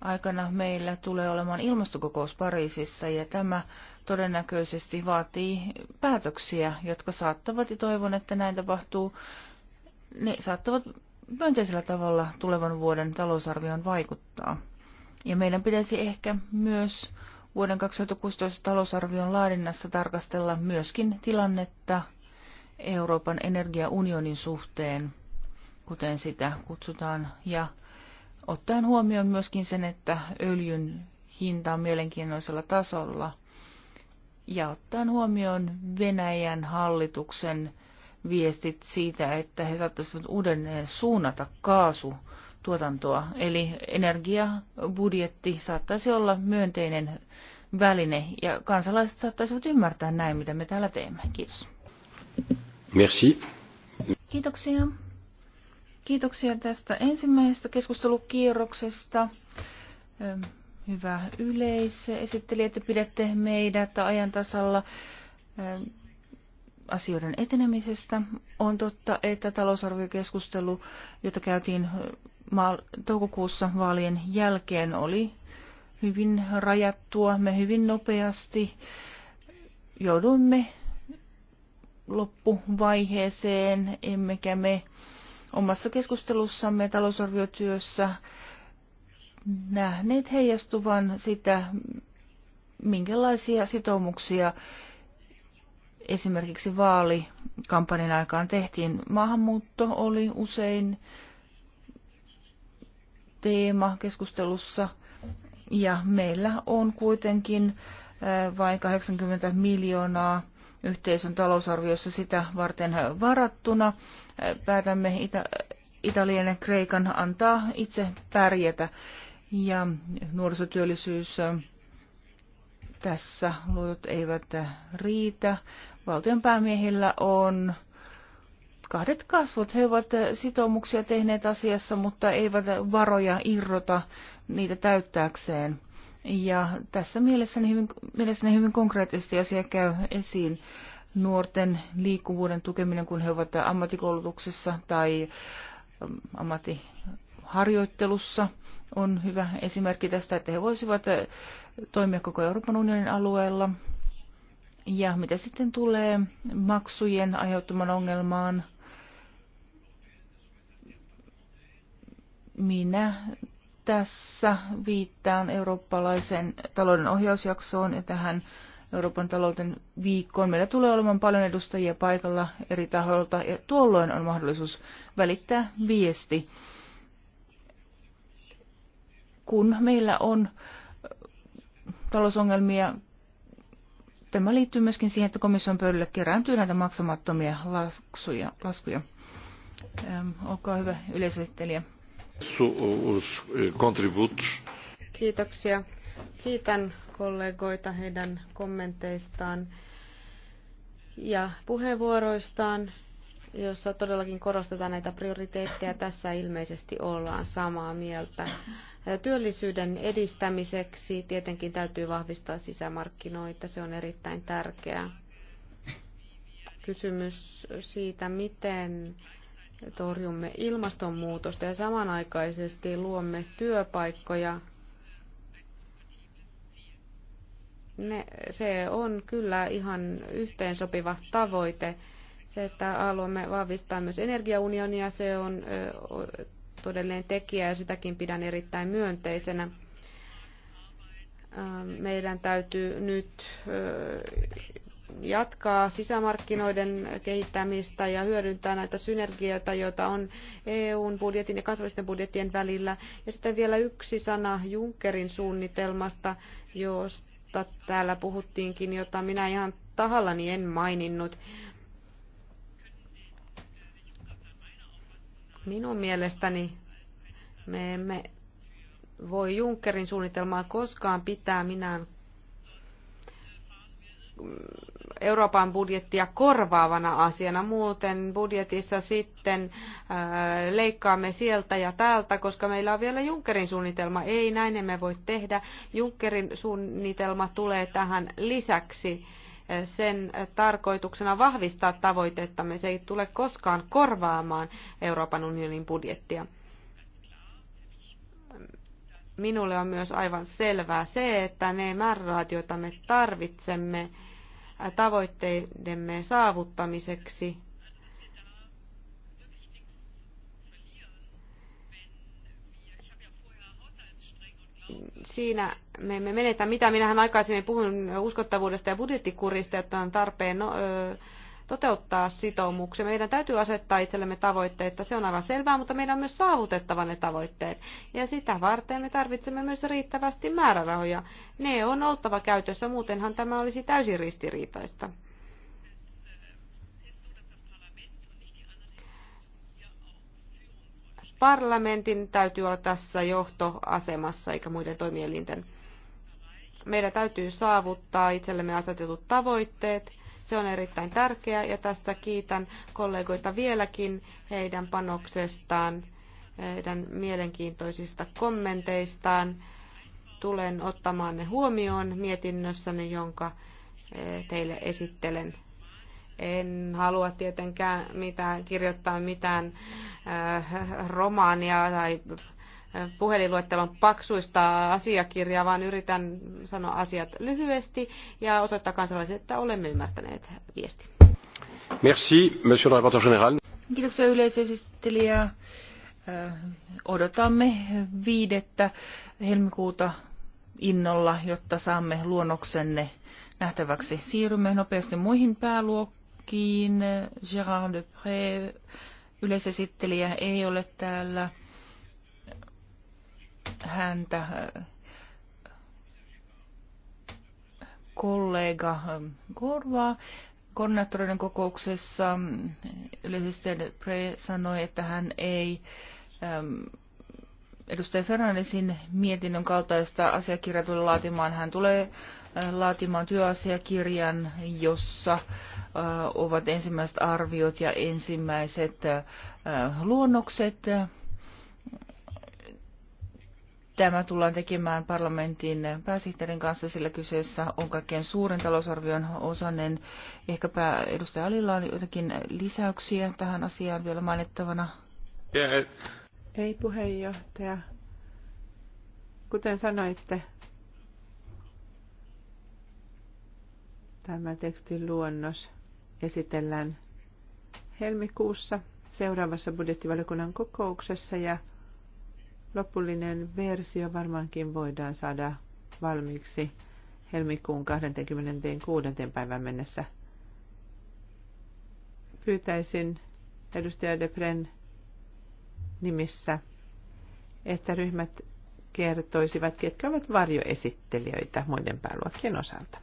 aikana meillä tulee olemaan ilmastokokous Pariisissa ja tämä todennäköisesti vaatii päätöksiä, jotka saattavat, ja toivon, että näin tapahtuu, ne saattavat myönteisellä tavalla tulevan vuoden talousarvioon vaikuttaa. Ja meidän pitäisi ehkä myös vuoden 2016 talousarvion laadinnassa tarkastella myöskin tilannetta Euroopan energiaunionin suhteen, kuten sitä kutsutaan, ja ottaen huomioon myöskin sen, että öljyn hinta on mielenkiinnoisella tasolla ja ottaen huomioon Venäjän hallituksen viestit siitä, että he saattaisivat uudelleen suunnata kaasu tuotantoa, Eli energiabudjetti saattaisi olla myönteinen väline ja kansalaiset saattaisivat ymmärtää näin, mitä me täällä teemme. Kiitos. Merci. Kiitoksia. Kiitoksia tästä ensimmäisestä keskustelukierroksesta hyvä yleisesitteli, että pidätte meidät ajan tasalla asioiden etenemisestä. On totta, että talousarviokeskustelu, jota käytiin toukokuussa vaalien jälkeen, oli hyvin rajattua. Me hyvin nopeasti jouduimme loppuvaiheeseen, emmekä me omassa keskustelussamme talousarviotyössä nähneet heijastuvan sitä, minkälaisia sitoumuksia esimerkiksi vaalikampanjan aikaan tehtiin. Maahanmuutto oli usein teema keskustelussa ja meillä on kuitenkin vain 80 miljoonaa yhteisön talousarviossa sitä varten varattuna. Päätämme Italian ja Kreikan antaa itse pärjätä ja nuorisotyöllisyys äh, tässä luotot eivät äh, riitä. Valtion päämiehillä on kahdet kasvot. He ovat äh, sitoumuksia tehneet asiassa, mutta eivät varoja irrota niitä täyttääkseen. Ja tässä mielessäni hyvin, mielessäni hyvin konkreettisesti asia käy esiin. Nuorten liikkuvuuden tukeminen, kun he ovat ammattikoulutuksessa tai ähm, ammatti harjoittelussa on hyvä esimerkki tästä, että he voisivat eh, toimia koko Euroopan unionin alueella. Ja mitä sitten tulee maksujen aiheuttaman ongelmaan, minä tässä viittaan eurooppalaisen talouden ohjausjaksoon ja tähän Euroopan talouden viikkoon. Meillä tulee olemaan paljon edustajia paikalla eri tahoilta ja tuolloin on mahdollisuus välittää viesti kun meillä on talousongelmia, tämä liittyy myöskin siihen, että komission pöydälle kerääntyy näitä maksamattomia laskuja. laskuja. Ähm, olkaa hyvä yleisesittelijä. Eh, Kiitoksia. Kiitän kollegoita heidän kommenteistaan ja puheenvuoroistaan, jossa todellakin korostetaan näitä prioriteetteja. Tässä ilmeisesti ollaan samaa mieltä. Työllisyyden edistämiseksi tietenkin täytyy vahvistaa sisämarkkinoita, se on erittäin tärkeää. Kysymys siitä, miten torjumme ilmastonmuutosta ja samanaikaisesti luomme työpaikkoja. Ne, se on kyllä ihan yhteensopiva tavoite. Se, että haluamme vahvistaa myös energiaunionia, se on todellinen tekijä ja sitäkin pidän erittäin myönteisenä. Ähm, meidän täytyy nyt äh, jatkaa sisämarkkinoiden kehittämistä ja hyödyntää näitä synergioita, joita on EUn budjetin ja kansallisten budjettien välillä. Ja sitten vielä yksi sana Junckerin suunnitelmasta, josta täällä puhuttiinkin, jota minä ihan tahallani en maininnut. Minun mielestäni me emme voi Junckerin suunnitelmaa koskaan pitää minään Euroopan budjettia korvaavana asiana. Muuten budjetissa sitten äh, leikkaamme sieltä ja täältä, koska meillä on vielä Junckerin suunnitelma. Ei, näin emme voi tehdä. Junckerin suunnitelma tulee tähän lisäksi sen tarkoituksena vahvistaa tavoitettamme. Se ei tule koskaan korvaamaan Euroopan unionin budjettia. Minulle on myös aivan selvää se, että ne määrärahat, joita me tarvitsemme tavoitteidemme saavuttamiseksi, siinä me emme menetä mitään. Minähän aikaisemmin puhun uskottavuudesta ja budjettikurista, että on tarpeen no, ö, toteuttaa sitoumuksia. Meidän täytyy asettaa itsellemme että se on aivan selvää, mutta meidän on myös saavutettava ne tavoitteet. Ja sitä varten me tarvitsemme myös riittävästi määrärahoja. Ne on oltava käytössä, muutenhan tämä olisi täysin ristiriitaista. Parlamentin täytyy olla tässä johtoasemassa eikä muiden toimielinten. Meidän täytyy saavuttaa itsellemme asetetut tavoitteet. Se on erittäin tärkeää ja tässä kiitän kollegoita vieläkin heidän panoksestaan, heidän mielenkiintoisista kommenteistaan. Tulen ottamaan ne huomioon mietinnössäni, jonka eh, teille esittelen en halua tietenkään mitään, kirjoittaa mitään äh, romaania tai äh, puheliluettelon paksuista asiakirjaa, vaan yritän sanoa asiat lyhyesti ja osoittaa kansalaisille, että olemme ymmärtäneet viestin. Merci, monsieur le rapporteur général. Kiitoksia yleisesittelijä. Äh, odotamme viidettä helmikuuta innolla, jotta saamme luonnoksenne nähtäväksi. Siirrymme nopeasti muihin pääluokkiin. Kiin, Gérard Depré, yleisesittelijä ei ole täällä. Häntä äh, kollega Korva ähm, Koordinaattoreiden kokouksessa ähm, yleisesti Pre sanoi, että hän ei ähm, edustaja Fernandesin mietinnön kaltaista asiakirjaa tule laatimaan. Hän tulee laatimaan työasiakirjan, jossa äh, ovat ensimmäiset arviot ja ensimmäiset äh, luonnokset. Tämä tullaan tekemään parlamentin pääsihteerin kanssa, sillä kyseessä on kaikkein suurin talousarvion osanen. Ehkäpä edustaja Alilla on jotakin lisäyksiä tähän asiaan vielä mainittavana. Ei puheenjohtaja. Kuten sanoitte, Tämä luonnos esitellään helmikuussa seuraavassa budjettivaliokunnan kokouksessa ja lopullinen versio varmaankin voidaan saada valmiiksi helmikuun 26. päivän mennessä. Pyytäisin edustaja Depren nimissä, että ryhmät kertoisivat, ketkä ovat varjoesittelijöitä muiden pääluokkien osalta.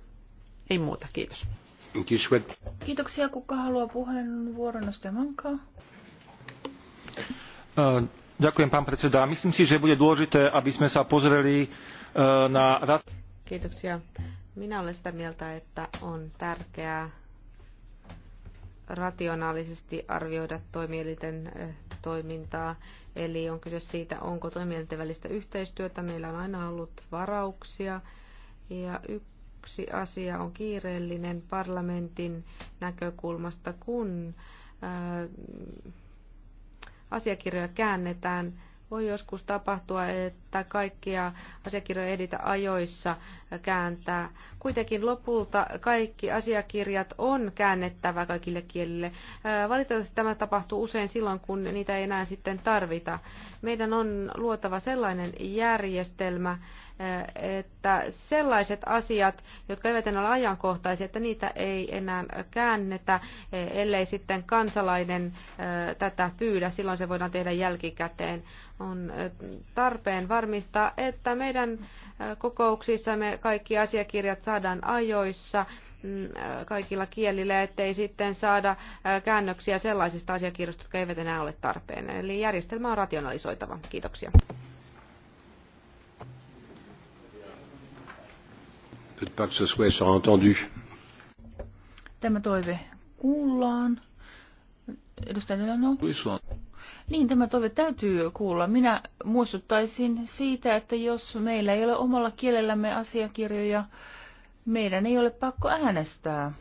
Ei muuta, kiitos. Kiitoksia. Kuka haluaa puheenvuoron? Nostaja Mankaa. Ďakujem, pán predseda. Myslím si, že bude dôležité, aby sme sa pozreli na... Kiitoksia. Minä olen sitä mieltä, että on tärkeää rationaalisesti arvioida toimielinten toimintaa. Eli on kyse siitä, onko toimielinten välistä yhteistyötä. Meillä on aina ollut varauksia. Ja yksi yksi asia on kiireellinen parlamentin näkökulmasta, kun asiakirjoja käännetään. Voi joskus tapahtua, että että kaikkia asiakirjoja editä ajoissa kääntää. Kuitenkin lopulta kaikki asiakirjat on käännettävä kaikille kielille. Äh, valitettavasti tämä tapahtuu usein silloin, kun niitä ei enää sitten tarvita. Meidän on luotava sellainen järjestelmä, äh, että sellaiset asiat, jotka eivät enää ole ajankohtaisia, että niitä ei enää käännetä, äh, ellei sitten kansalainen tätä pyydä. Silloin se voidaan tehdä jälkikäteen. On tarpeen varmistaa, varmistaa, että meidän kokouksissamme kaikki asiakirjat saadaan ajoissa mm, kaikilla kielillä, ettei sitten saada käännöksiä sellaisista asiakirjoista, jotka eivät enää ole tarpeen. Eli järjestelmä on rationalisoitava. Kiitoksia. Tämä toive kuullaan. Edustaja Delano. Niin, tämä toive täytyy kuulla. Minä muistuttaisin siitä, että jos meillä ei ole omalla kielellämme asiakirjoja, meidän ei ole pakko äänestää.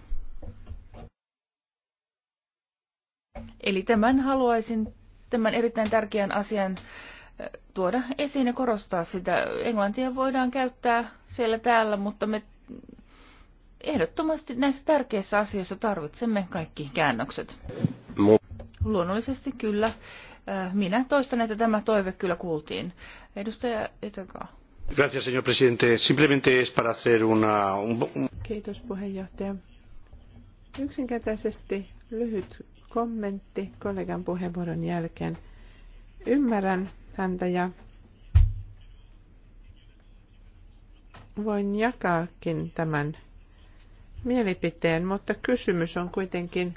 Eli tämän haluaisin, tämän erittäin tärkeän asian eh, tuoda esiin ja korostaa sitä. Englantia voidaan käyttää siellä täällä, mutta me ehdottomasti näissä tärkeissä asioissa tarvitsemme kaikki käännökset. Luonnollisesti kyllä. Äh, minä toistan, että tämä toive kyllä kuultiin. Edustaja Etakaa. Gracias, señor presidente. Simplemente es para hacer una... Kiitos, puheenjohtaja. Yksinkertaisesti lyhyt kommentti kollegan puheenvuoron jälkeen. Ymmärrän häntä ja voin jakaakin tämän mielipiteen, mutta kysymys on kuitenkin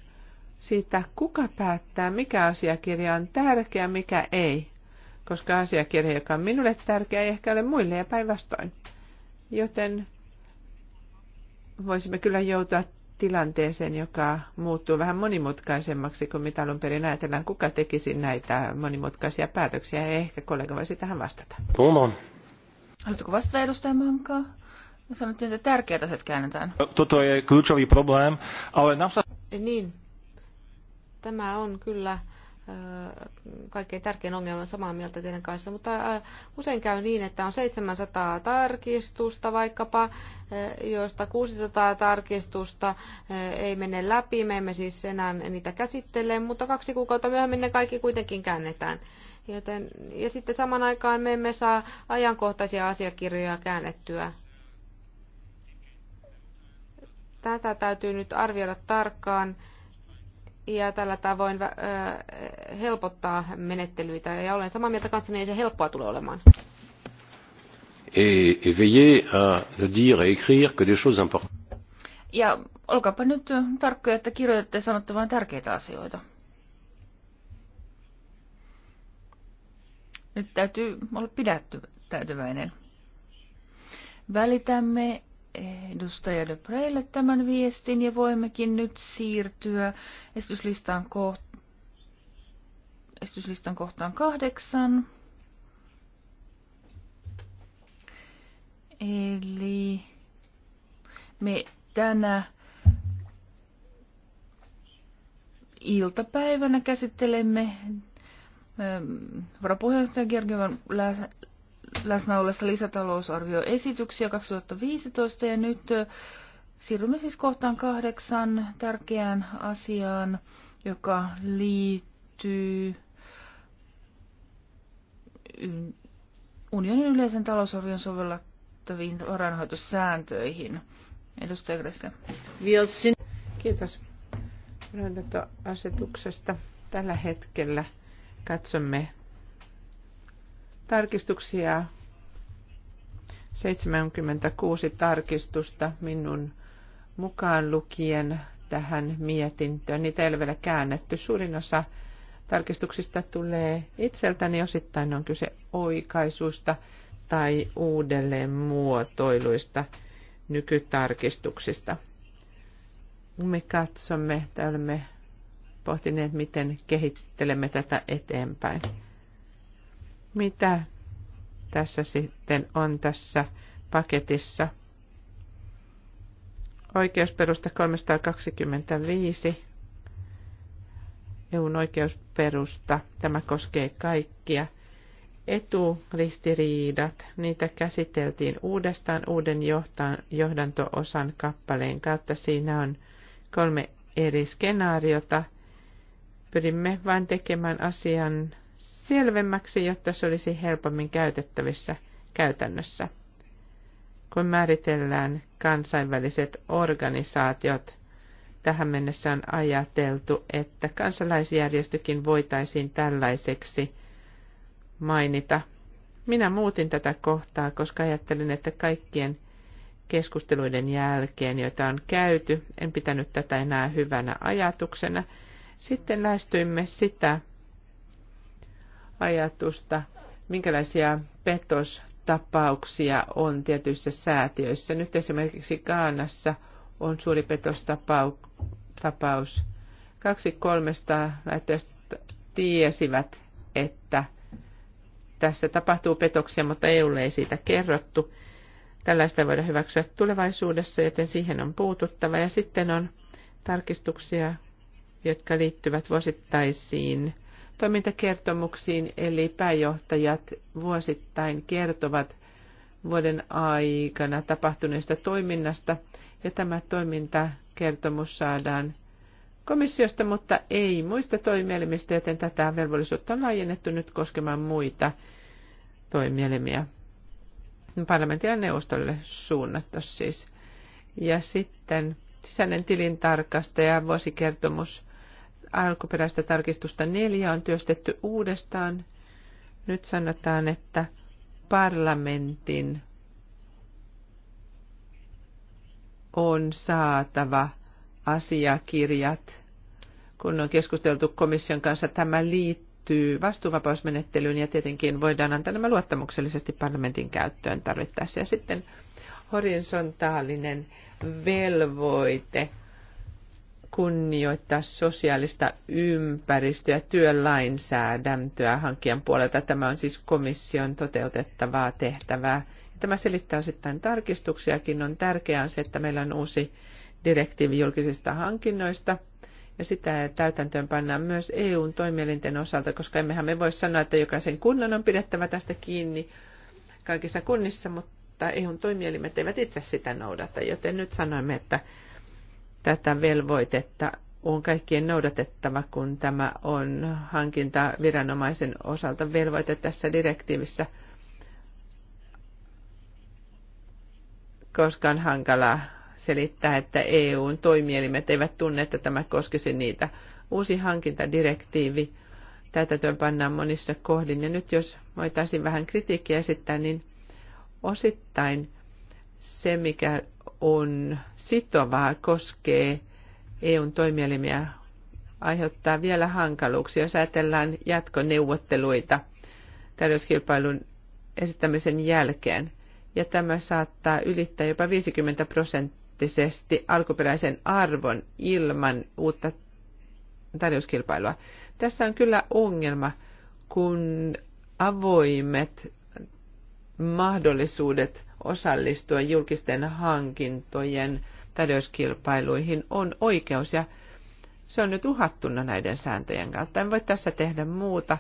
siitä, kuka päättää, mikä asiakirja on tärkeä, mikä ei. Koska asiakirja, joka on minulle tärkeä, ei ehkä ole muille ja päinvastoin. Joten voisimme kyllä joutua tilanteeseen, joka muuttuu vähän monimutkaisemmaksi kuin mitä alun perin ajatellaan. Kuka tekisi näitä monimutkaisia päätöksiä? Ehkä kollega voisi tähän vastata. Tuomo. Haluatko vastata edustaja Mankaa? Sanottiin, että tärkeät asiat käännetään. Toto on kľúčový problém, ale navsa... Niin, Tämä on kyllä kaikkein tärkein ongelma, samaa mieltä teidän kanssa, mutta usein käy niin, että on 700 tarkistusta vaikkapa, joista 600 tarkistusta ei mene läpi, me emme siis enää niitä käsittele, mutta kaksi kuukautta myöhemmin ne kaikki kuitenkin käännetään. Joten, ja sitten saman aikaan me emme saa ajankohtaisia asiakirjoja käännettyä. Tätä täytyy nyt arvioida tarkkaan ja tällä tavoin helpottaa menettelyitä. Ja olen samaa mieltä kanssa, niin ei se helppoa tule olemaan. que des choses importantes. Ja olkaapa nyt tarkkoja, että kirjoitatte sanotte vain tärkeitä asioita. Nyt täytyy olla pidättyväinen. Välitämme edustaja Preille tämän viestin ja voimmekin nyt siirtyä esityslistan, koht- esityslistan kohtaan kahdeksan. Eli me tänä iltapäivänä käsittelemme ähm, varapuheenjohtaja Georgievan läsnä ollessa lisätalousarvioesityksiä 2015 ja nyt siirrymme siis kohtaan kahdeksan tärkeään asiaan, joka liittyy unionin yleisen talousarvion sovellettaviin varainhoitosääntöihin. Edustaja Gressle. Kiitos asetuksesta. Tällä hetkellä katsomme Tarkistuksia 76 tarkistusta minun mukaan lukien tähän mietintöön. Niitä ei ole vielä käännetty. Suurin osa tarkistuksista tulee itseltäni, osittain on kyse oikaisuista tai uudelleen muotoiluista nykytarkistuksista. Me katsomme täällä me pohtineet, miten kehittelemme tätä eteenpäin. Mitä tässä sitten on tässä paketissa? Oikeusperusta 325. EUn oikeusperusta. Tämä koskee kaikkia eturistiriidat, niitä käsiteltiin uudestaan uuden johdanto-osan kappaleen kautta. Siinä on kolme eri skenaariota. Pyrimme vain tekemään asian selvemmäksi, jotta se olisi helpommin käytettävissä käytännössä. Kun määritellään kansainväliset organisaatiot, tähän mennessä on ajateltu, että kansalaisjärjestökin voitaisiin tällaiseksi mainita. Minä muutin tätä kohtaa, koska ajattelin, että kaikkien keskusteluiden jälkeen, joita on käyty, en pitänyt tätä enää hyvänä ajatuksena. Sitten lähestyimme sitä, ajatusta, minkälaisia petostapauksia on tietyissä säätiöissä. Nyt esimerkiksi Kaanassa on suuri petostapaus. Kaksi kolmesta laitteesta tiesivät, että tässä tapahtuu petoksia, mutta EUlle ei siitä kerrottu. Tällaista ei voida hyväksyä tulevaisuudessa, joten siihen on puututtava. Ja sitten on tarkistuksia, jotka liittyvät vuosittaisiin toimintakertomuksiin, eli pääjohtajat vuosittain kertovat vuoden aikana tapahtuneesta toiminnasta, ja tämä toimintakertomus saadaan komissiosta, mutta ei muista toimielimistä, joten tätä velvollisuutta on laajennettu nyt koskemaan muita toimielimiä. Parlamentin ja neuvostolle suunnattu siis. Ja sitten sisäinen tilintarkastaja vuosikertomus alkuperäistä tarkistusta neljä on työstetty uudestaan. Nyt sanotaan, että parlamentin on saatava asiakirjat, kun on keskusteltu komission kanssa. Tämä liittyy vastuuvapausmenettelyyn ja tietenkin voidaan antaa nämä luottamuksellisesti parlamentin käyttöön tarvittaessa. Ja sitten horisontaalinen velvoite kunnioittaa sosiaalista ympäristöä ja työlainsäädäntöä hankkijan puolelta. Tämä on siis komission toteutettavaa tehtävää. Tämä selittää osittain tarkistuksiakin. On tärkeää on se, että meillä on uusi direktiivi julkisista hankinnoista ja sitä täytäntöön pannaan myös EUn toimielinten osalta, koska emmehän me voi sanoa, että jokaisen kunnan on pidettävä tästä kiinni kaikissa kunnissa, mutta EUn toimielimet eivät itse sitä noudata, joten nyt sanoimme, että tätä velvoitetta on kaikkien noudatettava, kun tämä on hankinta viranomaisen osalta velvoite tässä direktiivissä, koska on hankalaa selittää, että EUn toimielimet eivät tunne, että tämä koskisi niitä. Uusi hankintadirektiivi täytäntöön pannaan monissa kohdin, ja nyt jos voitaisiin vähän kritiikkiä esittää, niin osittain se, mikä on sitovaa, koskee EUn toimielimiä, aiheuttaa vielä hankaluuksia, jos ajatellaan jatkoneuvotteluita tarjouskilpailun esittämisen jälkeen. Ja tämä saattaa ylittää jopa 50 prosenttisesti alkuperäisen arvon ilman uutta tarjouskilpailua. Tässä on kyllä ongelma, kun avoimet mahdollisuudet osallistua julkisten hankintojen tarjouskilpailuihin on oikeus ja se on nyt uhattuna näiden sääntöjen kautta. En voi tässä tehdä muuta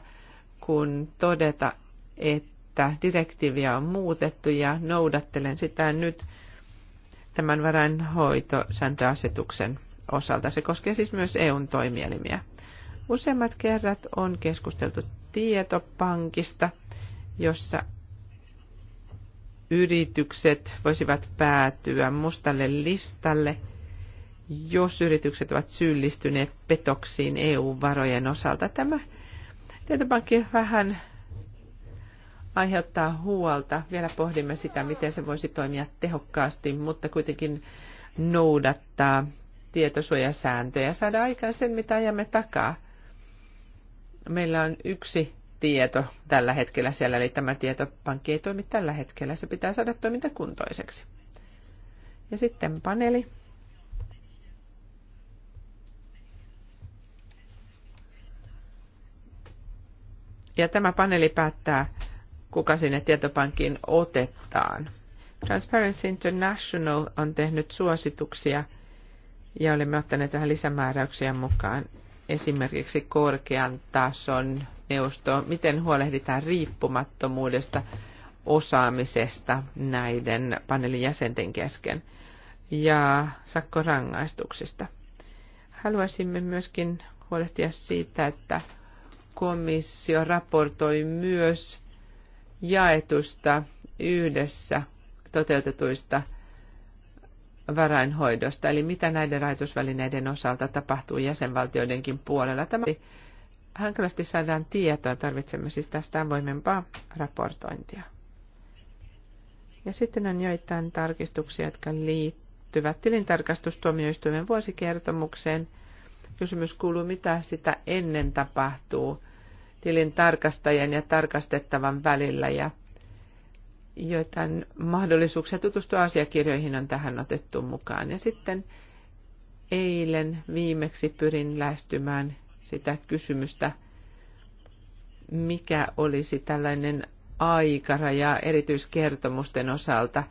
kuin todeta, että direktiiviä on muutettu ja noudattelen sitä nyt tämän varainhoitosääntöasetuksen osalta. Se koskee siis myös EUn toimielimiä. Useimmat kerrat on keskusteltu tietopankista, jossa yritykset voisivat päätyä mustalle listalle, jos yritykset ovat syyllistyneet petoksiin EU-varojen osalta. Tämä tietopankki vähän aiheuttaa huolta. Vielä pohdimme sitä, miten se voisi toimia tehokkaasti, mutta kuitenkin noudattaa tietosuojasääntöjä, saada aikaan sen, mitä ajamme takaa. Meillä on yksi tieto tällä hetkellä siellä, eli tämä tietopankki ei toimi tällä hetkellä, se pitää saada toimintakuntoiseksi. Ja sitten paneeli. Ja tämä paneeli päättää, kuka sinne tietopankkiin otetaan. Transparency International on tehnyt suosituksia ja olemme ottaneet vähän lisämääräyksiä mukaan esimerkiksi korkean tason neuvostoon, miten huolehditaan riippumattomuudesta, osaamisesta näiden paneelin jäsenten kesken ja sakkorangaistuksista. Haluaisimme myöskin huolehtia siitä, että komissio raportoi myös jaetusta yhdessä toteutetuista varainhoidosta, eli mitä näiden rahoitusvälineiden osalta tapahtuu jäsenvaltioidenkin puolella. Tämä hankalasti saadaan tietoa, tarvitsemme siis tästä avoimempaa raportointia. Ja sitten on joitain tarkistuksia, jotka liittyvät tilintarkastustuomioistuimen vuosikertomukseen. Kysymys kuuluu, mitä sitä ennen tapahtuu tilintarkastajien ja tarkastettavan välillä ja joitain mahdollisuuksia tutustua asiakirjoihin on tähän otettu mukaan. Ja sitten eilen viimeksi pyrin lähestymään sitä kysymystä, mikä olisi tällainen aikaraja erityiskertomusten osalta.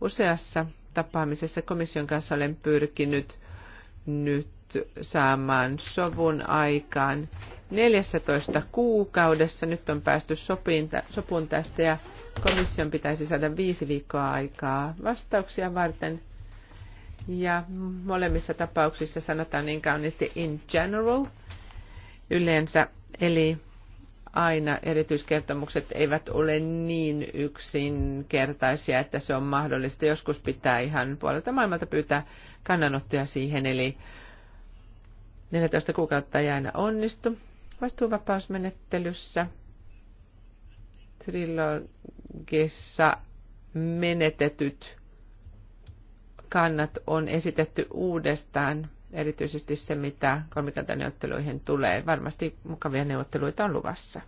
Useassa tapaamisessa komission kanssa olen pyrkinyt nyt saamaan sovun aikaan 14 kuukaudessa. Nyt on päästy sopun tästä ja komission pitäisi saada viisi viikkoa aikaa vastauksia varten. Ja molemmissa tapauksissa sanotaan niin kauniisti in general – yleensä, eli aina erityiskertomukset eivät ole niin yksinkertaisia, että se on mahdollista. Joskus pitää ihan puolelta maailmalta pyytää kannanottoja siihen, eli 14 kuukautta ei aina onnistu. Vastuuvapausmenettelyssä trilogissa menetetyt kannat on esitetty uudestaan erityisesti se, mitä kolmikantaneuvotteluihin tulee. Varmasti mukavia neuvotteluita on luvassa.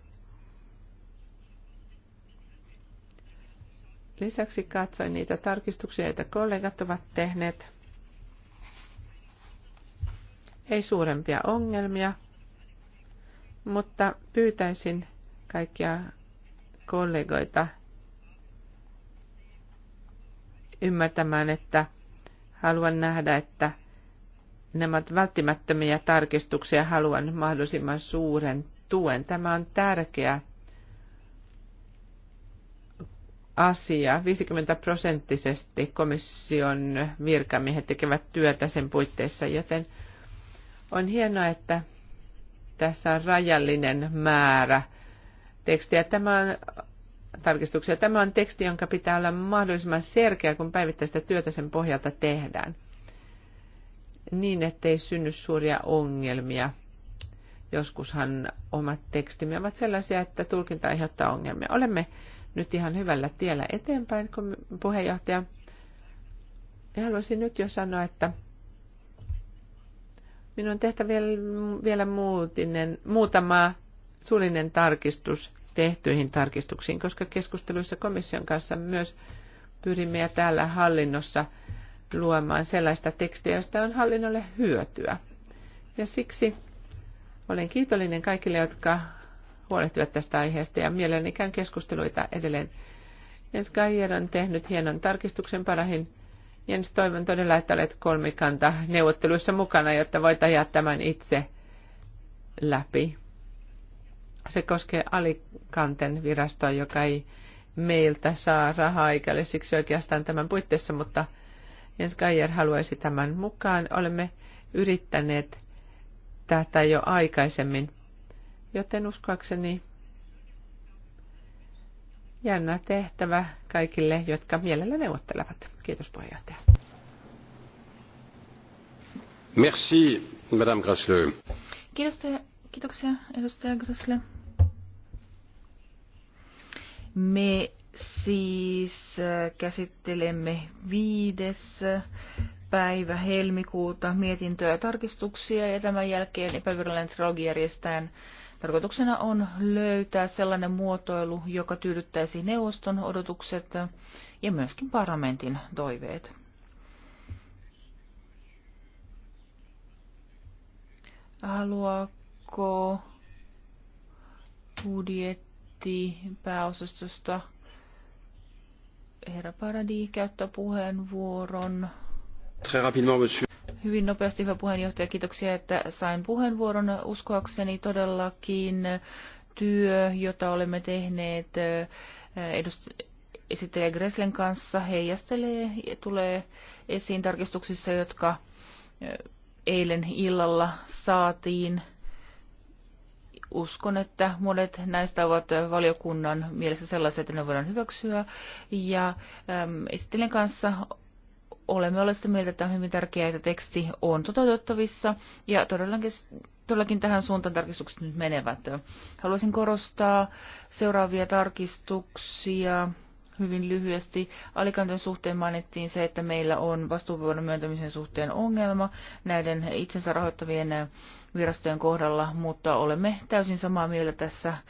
Lisäksi katsoin niitä tarkistuksia, joita kollegat ovat tehneet. Ei suurempia ongelmia, mutta pyytäisin kaikkia kollegoita ymmärtämään, että haluan nähdä, että Nämä ovat välttämättömiä tarkistuksia. Haluan mahdollisimman suuren tuen. Tämä on tärkeä asia. 50 prosenttisesti komission virkamiehet tekevät työtä sen puitteissa, joten on hienoa, että tässä on rajallinen määrä tekstiä. Tämä on tarkistuksia. Tämä on teksti, jonka pitää olla mahdollisimman selkeä, kun päivittäistä työtä sen pohjalta tehdään niin, ettei synny suuria ongelmia. Joskushan omat tekstimme ovat sellaisia, että tulkinta aiheuttaa ongelmia. Olemme nyt ihan hyvällä tiellä eteenpäin, kun puheenjohtaja. Ja haluaisin nyt jo sanoa, että minun on tehtävä vielä, vielä muutinen, muutama suullinen tarkistus tehtyihin tarkistuksiin, koska keskusteluissa komission kanssa myös pyrimme ja täällä hallinnossa – luomaan sellaista tekstiä, josta on hallinnolle hyötyä. Ja siksi olen kiitollinen kaikille, jotka huolehtivat tästä aiheesta ja mielelläni käyn keskusteluita edelleen. Jens Gajer on tehnyt hienon tarkistuksen parahin. Jens, toivon todella, että olet kolmikanta neuvotteluissa mukana, jotta voit ajaa tämän itse läpi. Se koskee alikanten virastoa, joka ei meiltä saa rahaa, eikä ole siksi oikeastaan tämän puitteissa, mutta – Jens Geier haluaisi tämän mukaan. Olemme yrittäneet tätä jo aikaisemmin, joten uskoakseni jännä tehtävä kaikille, jotka mielellä neuvottelevat. Kiitos puheenjohtaja. Merci, Madame Grasle. Kiitoksia, kiitoksia edustaja Grasle. Me siis äh, käsittelemme viides päivä helmikuuta mietintöä ja tarkistuksia ja tämän jälkeen epävirallinen trilogi järjestään. Tarkoituksena on löytää sellainen muotoilu, joka tyydyttäisi neuvoston odotukset ja myöskin parlamentin toiveet. Haluaako budjetti pääosastosta herra Paradi käyttää puheenvuoron. Très rapidement, monsieur. Hyvin nopeasti, hyvä puheenjohtaja. Kiitoksia, että sain puheenvuoron. Uskoakseni todellakin työ, jota olemme tehneet eh, edust- esittelijä Greslen kanssa, heijastelee ja tulee esiin tarkistuksissa, jotka eh, eilen illalla saatiin uskon, että monet näistä ovat valiokunnan mielessä sellaisia, että ne voidaan hyväksyä. Ja äm, esittelijän kanssa olemme olleet sitä mieltä, että on hyvin tärkeää, että teksti on toteutettavissa ja todellakin, todellakin tähän suuntaan tarkistukset nyt menevät. Haluaisin korostaa seuraavia tarkistuksia hyvin lyhyesti. Alikanten suhteen mainittiin se, että meillä on vastuuvuoron myöntämisen suhteen ongelma näiden itsensä rahoittavien äh, virastojen kohdalla, mutta olemme täysin samaa mieltä tässä äh,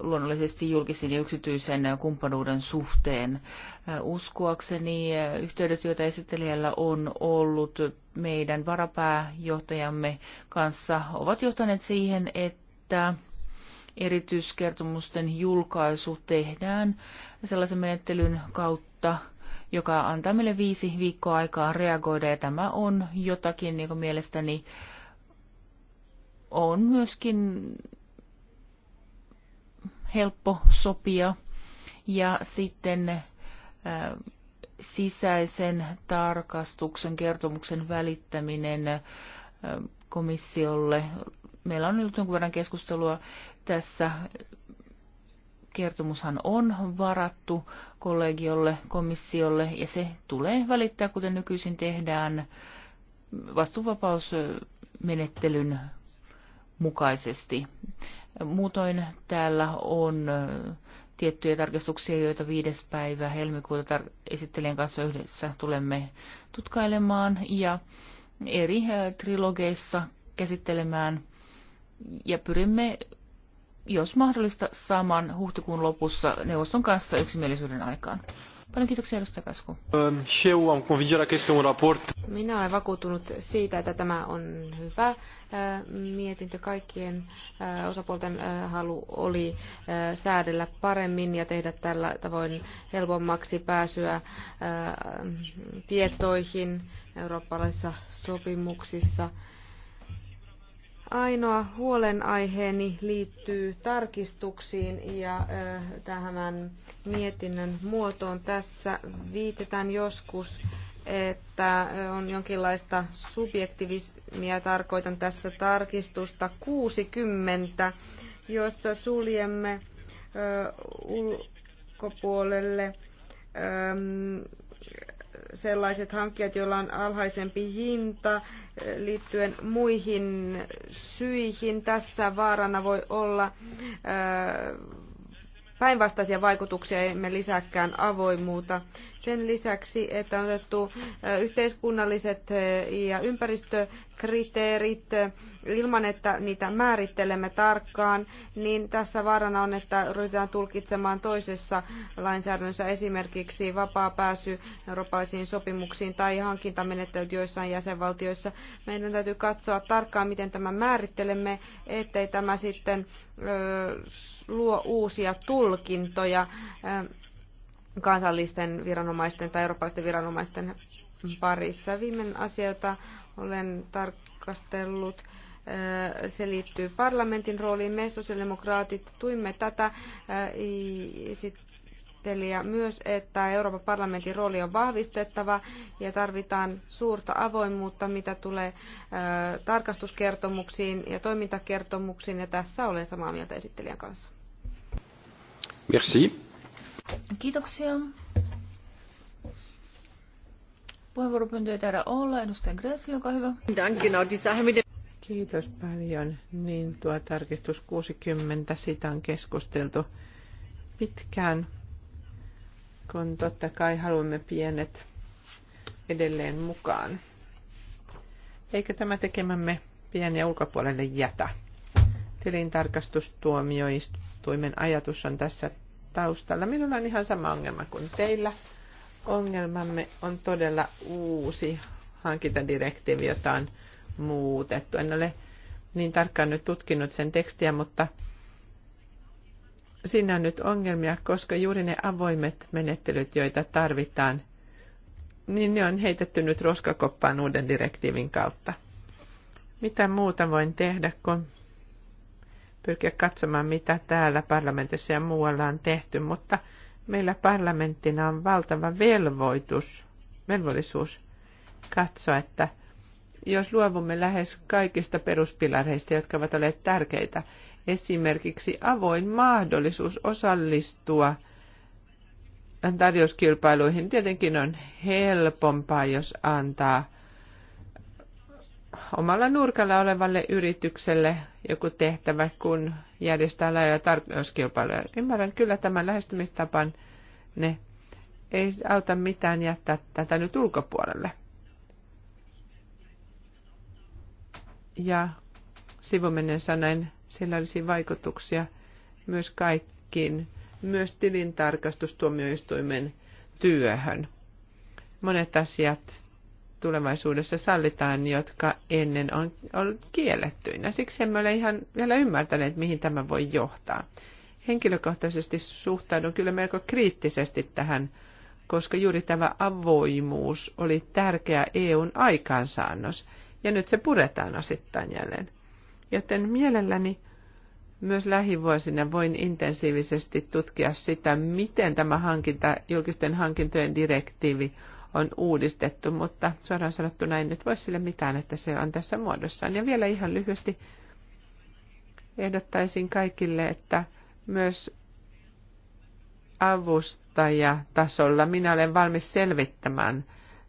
luonnollisesti julkisen ja yksityisen kumppanuuden suhteen. Äh, uskoakseni yhteydet, joita esittelijällä on ollut meidän varapääjohtajamme kanssa, ovat johtaneet siihen, että erityiskertomusten julkaisu tehdään sellaisen menettelyn kautta, joka antaa meille viisi viikkoa aikaa reagoida, ja tämä on jotakin, niin kuin mielestäni on myöskin helppo sopia. Ja sitten äh, sisäisen tarkastuksen kertomuksen välittäminen äh, komissiolle meillä on nyt jonkun verran keskustelua tässä. Kertomushan on varattu kollegiolle, komissiolle ja se tulee välittää, kuten nykyisin tehdään, vastuuvapausmenettelyn mukaisesti. Muutoin täällä on tiettyjä tarkastuksia, joita viides päivä helmikuuta tar- esittelijän kanssa yhdessä tulemme tutkailemaan ja eri eh, trilogeissa käsittelemään ja pyrimme, jos mahdollista, saamaan huhtikuun lopussa neuvoston kanssa yksimielisyyden aikaan. Paljon kiitoksia edustaja Kasku. Ähm, Minä olen vakuutunut siitä, että tämä on hyvä äh, mietintö. Kaikkien äh, osapuolten äh, halu oli säädellä paremmin ja tehdä tällä tavoin helpommaksi pääsyä tietoihin eurooppalaisissa sopimuksissa Ainoa huolenaiheeni liittyy tarkistuksiin ja tähän mietinnön muotoon. Tässä viitetaan joskus, että on jonkinlaista subjektivismia. Tarkoitan tässä tarkistusta 60, jossa suljemme ulkopuolelle sellaiset hankkeet, joilla on alhaisempi hinta eh, liittyen muihin syihin. Tässä vaarana voi olla eh, päinvastaisia vaikutuksia, emme lisääkään avoimuutta. Sen lisäksi, että on otettu yhteiskunnalliset ja ympäristökriteerit ilman, että niitä määrittelemme tarkkaan, niin tässä vaarana on, että ryhdytään tulkitsemaan toisessa lainsäädännössä esimerkiksi vapaa pääsy eurooppalaisiin sopimuksiin tai hankintamenettelyt joissain jäsenvaltioissa. Meidän täytyy katsoa tarkkaan, miten tämä määrittelemme, ettei tämä sitten luo uusia tulkintoja kansallisten viranomaisten tai eurooppalaisten viranomaisten parissa. Viimeinen asia, jota olen tarkastellut, se liittyy parlamentin rooliin. Me sosiaalidemokraatit tuimme tätä esittelijä myös, että Euroopan parlamentin rooli on vahvistettava ja tarvitaan suurta avoimuutta, mitä tulee tarkastuskertomuksiin ja toimintakertomuksiin, ja tässä olen samaa mieltä esittelijän kanssa. Merci. Kiitoksia. Puheenvuoropyyntöjä täällä olla. Edustaja Gressel, olkaa hyvä. Kiitos paljon. Niin tuo tarkistus 60, sitä on keskusteltu pitkään, kun totta kai haluamme pienet edelleen mukaan. Eikä tämä tekemämme pieniä ulkopuolelle jätä. Tilintarkastustuomioistuimen ajatus on tässä taustalla. Minulla on ihan sama ongelma kuin teillä. Ongelmamme on todella uusi hankintadirektiivi, jota on muutettu. En ole niin tarkkaan nyt tutkinut sen tekstiä, mutta siinä on nyt ongelmia, koska juuri ne avoimet menettelyt, joita tarvitaan, niin ne on heitetty nyt roskakoppaan uuden direktiivin kautta. Mitä muuta voin tehdä kun pyrkiä katsomaan, mitä täällä parlamentissa ja muualla on tehty, mutta meillä parlamenttina on valtava velvoitus, velvollisuus katsoa, että jos luovumme lähes kaikista peruspilareista, jotka ovat olleet tärkeitä, esimerkiksi avoin mahdollisuus osallistua tarjouskilpailuihin tietenkin on helpompaa, jos antaa omalla nurkalla olevalle yritykselle joku tehtävä, kun järjestää laajoja tarjouskilpailuja. Ymmärrän kyllä tämän lähestymistapan. Ne ei auta mitään jättää tätä nyt ulkopuolelle. Ja sivuminen sanoen sillä olisi vaikutuksia myös kaikkiin, myös tilintarkastustuomioistuimen työhön. Monet asiat tulevaisuudessa sallitaan, jotka ennen on ollut kiellettyinä. Siksi emme ole ihan vielä ymmärtäneet, mihin tämä voi johtaa. Henkilökohtaisesti suhtaudun kyllä melko kriittisesti tähän, koska juuri tämä avoimuus oli tärkeä EUn aikaansaannos, ja nyt se puretaan osittain jälleen. Joten mielelläni myös lähivuosina voin intensiivisesti tutkia sitä, miten tämä hankinta, julkisten hankintojen direktiivi on uudistettu, mutta suoraan sanottuna ei nyt voi sille mitään, että se on tässä muodossaan. Ja vielä ihan lyhyesti ehdottaisin kaikille, että myös avustajatasolla minä olen valmis selvittämään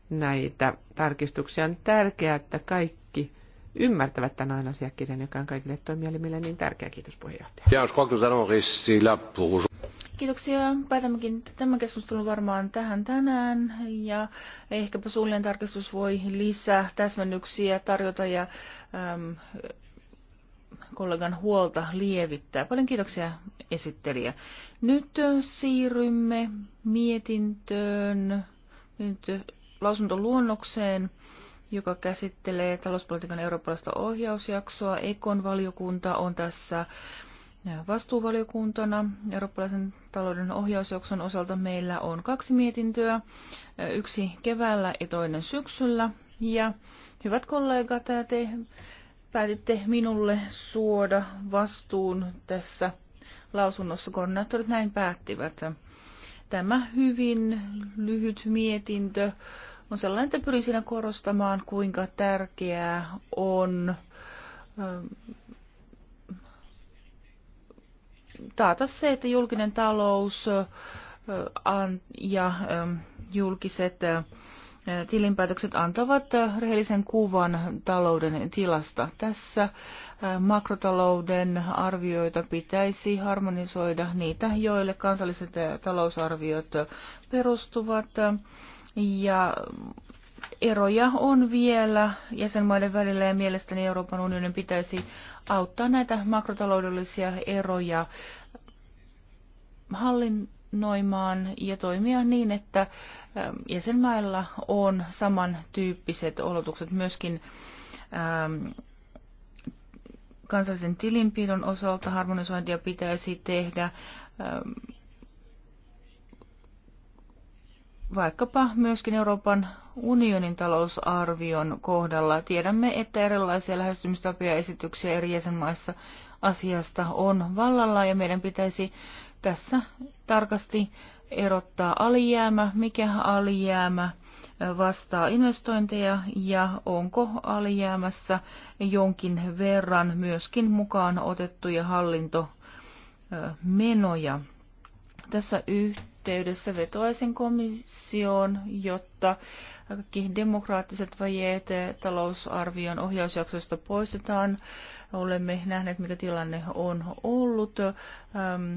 näitä tarkistuksia. On tärkeää, että kaikki ymmärtävät tämän ajan asiakirjan, joka on kaikille toimielimille niin tärkeä. Kiitos puheenjohtaja. Kiitoksia. Päätämmekin tämän keskustelun varmaan tähän tänään ja ehkäpä suullinen tarkistus voi lisää täsmennyksiä tarjota ja äm, kollegan huolta lievittää. Paljon kiitoksia esittelijä. Nyt siirrymme mietintöön, nyt lausuntoluonnokseen, joka käsittelee talouspolitiikan eurooppalaista ohjausjaksoa. Ekon valiokunta on tässä vastuuvaliokuntana eurooppalaisen talouden ohjausjakson osalta meillä on kaksi mietintöä, yksi keväällä ja toinen syksyllä. Ja hyvät kollegat, te päätitte minulle suoda vastuun tässä lausunnossa. Koordinaattorit näin päättivät. Tämä hyvin lyhyt mietintö on sellainen, että pyrin siinä korostamaan, kuinka tärkeää on taata se, että julkinen talous ja julkiset tilinpäätökset antavat rehellisen kuvan talouden tilasta. Tässä makrotalouden arvioita pitäisi harmonisoida niitä, joille kansalliset talousarviot perustuvat. Ja eroja on vielä jäsenmaiden välillä ja mielestäni Euroopan unionin pitäisi auttaa näitä makrotaloudellisia eroja hallinnoimaan ja toimia niin, että ähm, jäsenmailla on samantyyppiset olotukset myöskin ähm, kansallisen tilinpidon osalta harmonisointia pitäisi tehdä ähm, vaikkapa myöskin Euroopan unionin talousarvion kohdalla. Tiedämme, että erilaisia lähestymistapia esityksiä eri jäsenmaissa asiasta on vallalla ja meidän pitäisi tässä tarkasti erottaa alijäämä, mikä alijäämä vastaa investointeja ja onko alijäämässä jonkin verran myöskin mukaan otettuja hallintomenoja. Tässä yhteydessä yhteydessä vetoaisin komissioon, jotta kaikki demokraattiset vajeet talousarvion ohjausjaksosta poistetaan. Olemme nähneet, mikä tilanne on ollut ähm,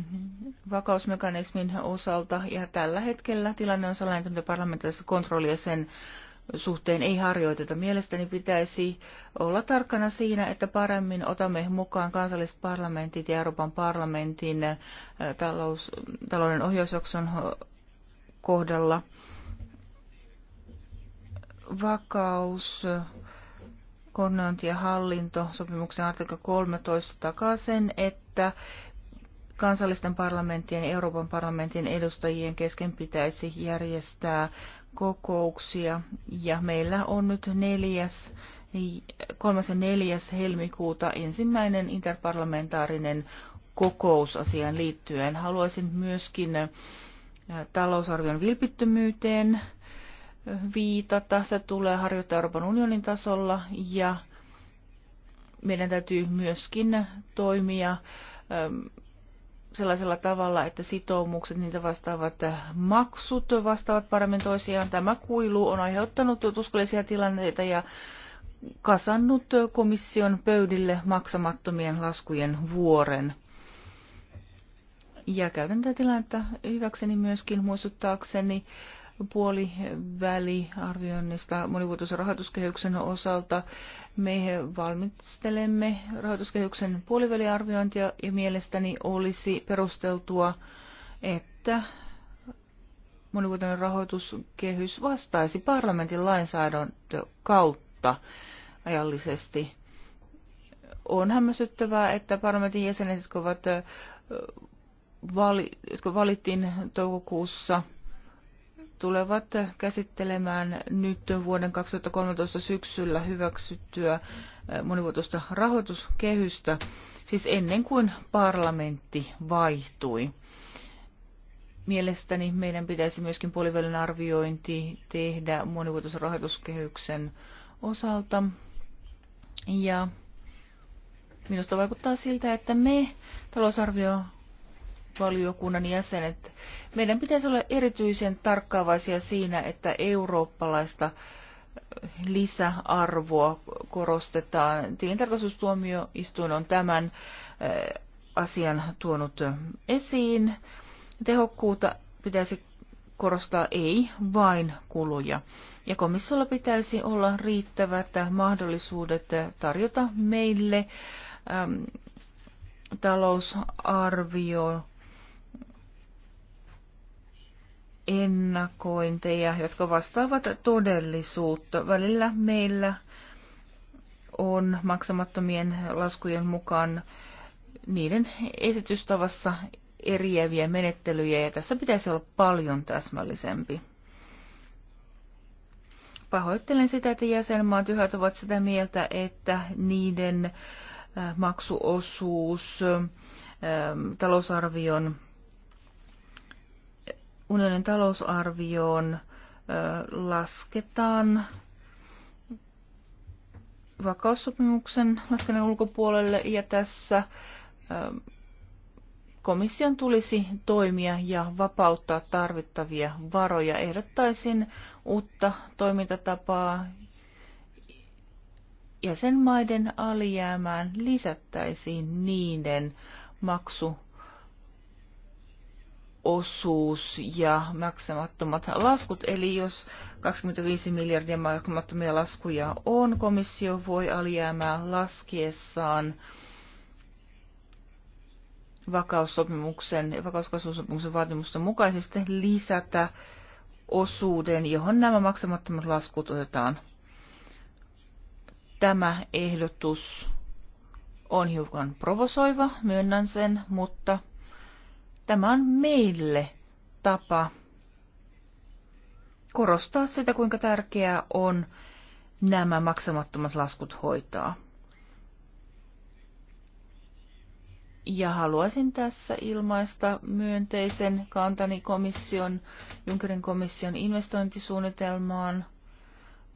vakausmekanismin osalta, ja tällä hetkellä tilanne on sellainen, että parlamentaarista kontrollia sen suhteen ei harjoiteta. Mielestäni pitäisi olla tarkkana siinä, että paremmin otamme mukaan kansalliset parlamentit ja Euroopan parlamentin äh, talous, talouden ohjausjakson kohdalla vakaus, koordinointi ja hallinto sopimuksen artikla 13 takaa sen, että kansallisten parlamenttien ja Euroopan parlamentin edustajien kesken pitäisi järjestää kokouksia ja meillä on nyt neljäs kolmas ja neljäs helmikuuta ensimmäinen interparlamentaarinen kokous asiaan liittyen. Haluaisin myöskin äh, talousarvion vilpittömyyteen äh, viitata. Se tulee harjoittaa Euroopan unionin tasolla ja meidän täytyy myöskin toimia ähm, sellaisella tavalla, että sitoumukset, niitä vastaavat maksut vastaavat paremmin toisiaan. Tämä kuilu on aiheuttanut tuskallisia tilanteita ja kasannut komission pöydille maksamattomien laskujen vuoren. Ja käytän tätä tilannetta hyväkseni myöskin muistuttaakseni arvioinnista monivuotoisen rahoituskehyksen osalta. Me valmistelemme rahoituskehyksen puoliväliarviointia ja mielestäni olisi perusteltua, että monivuotoinen rahoituskehys vastaisi parlamentin lainsäädäntö kautta ajallisesti. On hämmästyttävää, että parlamentin jäsenet, jotka, ovat, vali, jotka valittiin toukokuussa – tulevat käsittelemään nyt vuoden 2013 syksyllä hyväksyttyä eh, monivuotoista rahoituskehystä, siis ennen kuin parlamentti vaihtui. Mielestäni meidän pitäisi myöskin puolivälin arviointi tehdä monivuotoisen rahoituskehyksen osalta. Ja minusta vaikuttaa siltä, että me talousarvio valiokunnan jäsenet, meidän pitäisi olla erityisen tarkkaavaisia siinä, että eurooppalaista eh, lisäarvoa korostetaan. Tilintarkastustuomioistuin on tämän eh, asian tuonut esiin. Tehokkuutta pitäisi korostaa ei vain kuluja. Ja komissiolla pitäisi olla riittävät mahdollisuudet tarjota meille äm, talousarvio ennakointeja, jotka vastaavat todellisuutta. Välillä meillä on maksamattomien laskujen mukaan niiden esitystavassa eriäviä menettelyjä ja tässä pitäisi olla paljon täsmällisempi. Pahoittelen sitä, että jäsenmaat yhä ovat sitä mieltä, että niiden äh, maksuosuus ähm, talousarvion unionin talousarvioon lasketaan vakaussopimuksen laskennan ulkopuolelle ja tässä komission tulisi toimia ja vapauttaa tarvittavia varoja. Ehdottaisin uutta toimintatapaa. Jäsenmaiden alijäämään lisättäisiin niiden maksu osuus ja maksamattomat laskut. Eli jos 25 miljardia maksamattomia laskuja on, komissio voi alijäämää laskiessaan vakaussopimuksen, vakauskasvusopimuksen vaatimusten mukaisesti lisätä osuuden, johon nämä maksamattomat laskut otetaan. Tämä ehdotus on hiukan provosoiva, myönnän sen, mutta – Tämä on meille tapa korostaa sitä, kuinka tärkeää on nämä maksamattomat laskut hoitaa. Ja haluaisin tässä ilmaista myönteisen kantani komission, Junckerin komission investointisuunnitelmaan.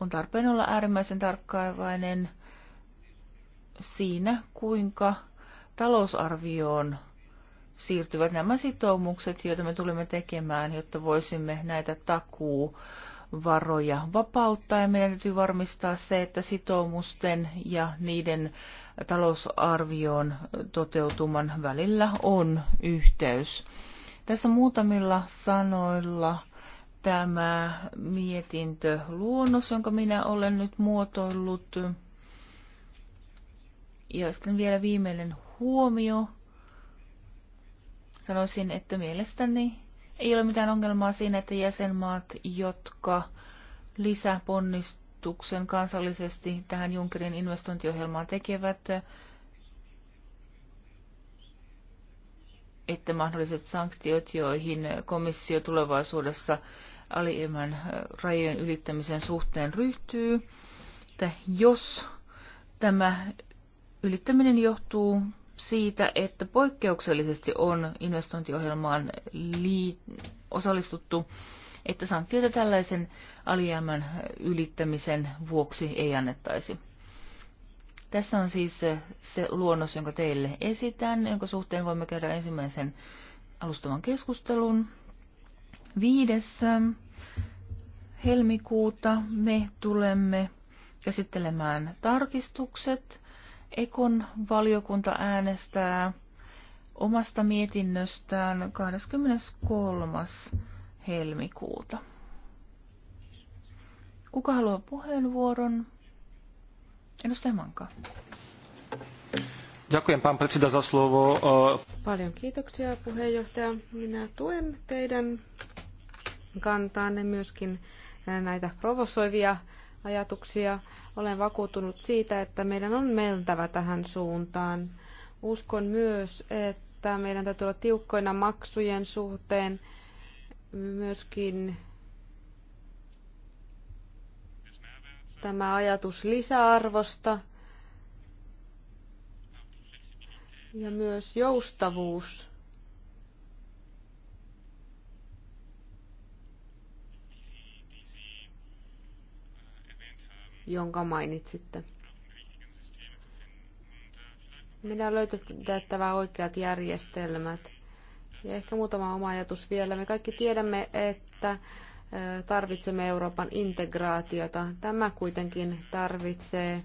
On tarpeen olla äärimmäisen tarkkaavainen siinä, kuinka talousarvioon siirtyvät nämä sitoumukset, joita me tulemme tekemään, jotta voisimme näitä takuu varoja vapauttaa ja meidän täytyy varmistaa se, että sitoumusten ja niiden talousarvioon toteutuman välillä on yhteys. Tässä muutamilla sanoilla tämä mietintö luonnos, jonka minä olen nyt muotoillut. Ja sitten vielä viimeinen huomio. Sanoisin, että mielestäni ei ole mitään ongelmaa siinä, että jäsenmaat, jotka lisäponnistuksen kansallisesti tähän Junckerin investointiohjelmaan tekevät, että mahdolliset sanktiot, joihin komissio tulevaisuudessa alijäämän äh, rajojen ylittämisen suhteen ryhtyy, että jos tämä ylittäminen johtuu siitä, että poikkeuksellisesti on investointiohjelmaan lii- osallistuttu, että sanktioita tällaisen alijäämän ylittämisen vuoksi ei annettaisi. Tässä on siis se, luonnos, jonka teille esitän, jonka suhteen voimme käydä ensimmäisen alustavan keskustelun. Viides helmikuuta me tulemme käsittelemään tarkistukset Ekon valiokunta äänestää omasta mietinnöstään 23. helmikuuta. Kuka haluaa puheenvuoron? Edustaja Manka. Ďakujem, pán za slovo. E, Paljon kiitoksia, puheenjohtaja. Minä tuen teidän kantaanne myöskin näitä provosoivia ajatuksia. Olen vakuuttunut siitä, että meidän on mentävä tähän suuntaan. Uskon myös, että meidän täytyy olla tiukkoina maksujen suhteen myöskin tämä ajatus lisäarvosta ja myös joustavuus jonka mainitsitte. Meidän on löytettävä oikeat järjestelmät. Ja ehkä muutama oma ajatus vielä. Me kaikki tiedämme, että tarvitsemme Euroopan integraatiota. Tämä kuitenkin tarvitsee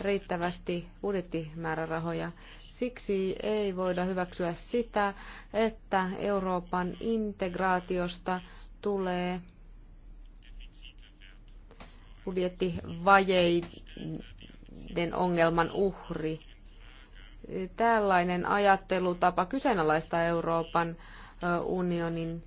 riittävästi budjettimäärärahoja. Siksi ei voida hyväksyä sitä, että Euroopan integraatiosta tulee budjettivajeiden ongelman uhri. Tällainen ajattelutapa kyseenalaista Euroopan unionin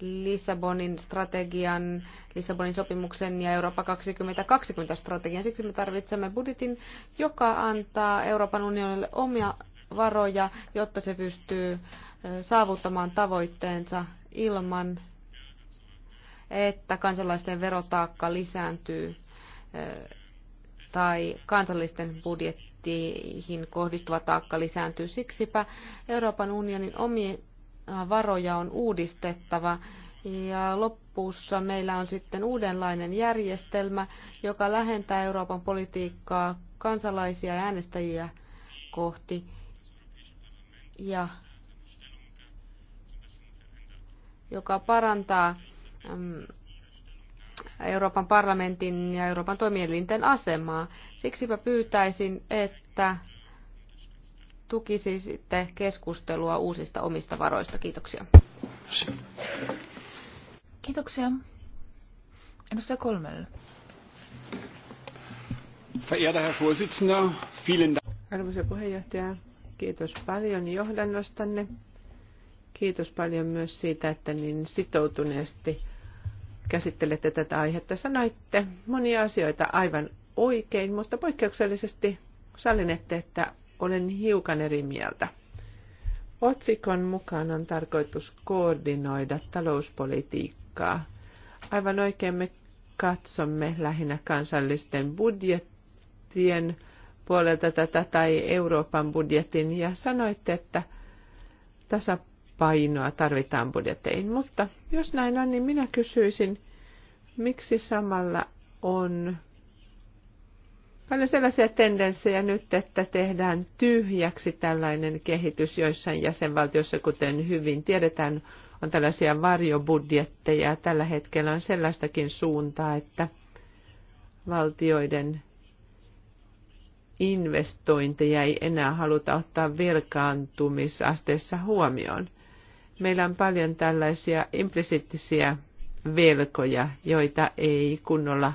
Lissabonin strategian, Lissabonin sopimuksen ja Eurooppa 2020 strategian. Siksi me tarvitsemme budjetin, joka antaa Euroopan unionille omia varoja, jotta se pystyy saavuttamaan tavoitteensa ilman, että kansalaisten verotaakka lisääntyy tai kansallisten budjettiin kohdistuva taakka lisääntyy. Siksipä Euroopan unionin omia varoja on uudistettava ja lopussa meillä on sitten uudenlainen järjestelmä, joka lähentää Euroopan politiikkaa kansalaisia ja äänestäjiä kohti. Ja joka parantaa mm, Euroopan parlamentin ja Euroopan toimielinten asemaa. Siksipä pyytäisin, että tukisitte keskustelua uusista omista varoista. Kiitoksia. Kiitoksia. Edustaja Kolmelle. Verehrter Herr Vorsitzender, vielen Dank. Arvoisa puheenjohtaja, kiitos paljon johdannostanne. Kiitos paljon myös siitä, että niin sitoutuneesti käsittelette tätä aihetta. Sanoitte monia asioita aivan oikein, mutta poikkeuksellisesti sallinette, että olen hiukan eri mieltä. Otsikon mukaan on tarkoitus koordinoida talouspolitiikkaa. Aivan oikein me katsomme lähinnä kansallisten budjettien puolelta tätä tai Euroopan budjetin ja sanoitte, että tasapaino painoa tarvitaan budjetteihin. Mutta jos näin on, niin minä kysyisin, miksi samalla on paljon sellaisia tendenssejä nyt, että tehdään tyhjäksi tällainen kehitys joissain jäsenvaltioissa, kuten hyvin tiedetään, on tällaisia varjobudjetteja. Tällä hetkellä on sellaistakin suuntaa, että valtioiden investointeja ei enää haluta ottaa velkaantumisasteessa huomioon meillä on paljon tällaisia implisiittisiä velkoja, joita ei kunnolla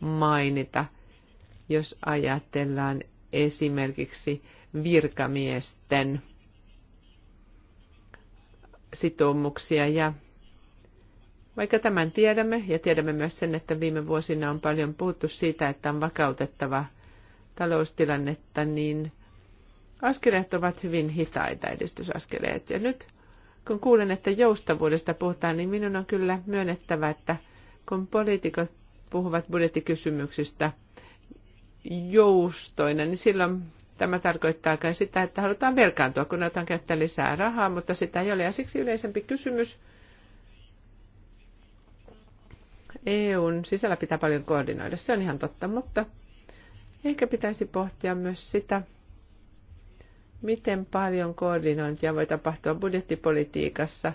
mainita, jos ajatellaan esimerkiksi virkamiesten sitoumuksia. Ja vaikka tämän tiedämme, ja tiedämme myös sen, että viime vuosina on paljon puhuttu siitä, että on vakautettava taloustilannetta, niin askeleet ovat hyvin hitaita edistysaskeleet. Ja nyt kun kuulen, että joustavuudesta puhutaan, niin minun on kyllä myönnettävä, että kun poliitikot puhuvat budjettikysymyksistä joustoina, niin silloin tämä tarkoittaa kai sitä, että halutaan velkaantua, kun otetaan käyttää lisää rahaa, mutta sitä ei ole. Ja siksi yleisempi kysymys. EUn sisällä pitää paljon koordinoida, se on ihan totta, mutta ehkä pitäisi pohtia myös sitä, miten paljon koordinointia voi tapahtua budjettipolitiikassa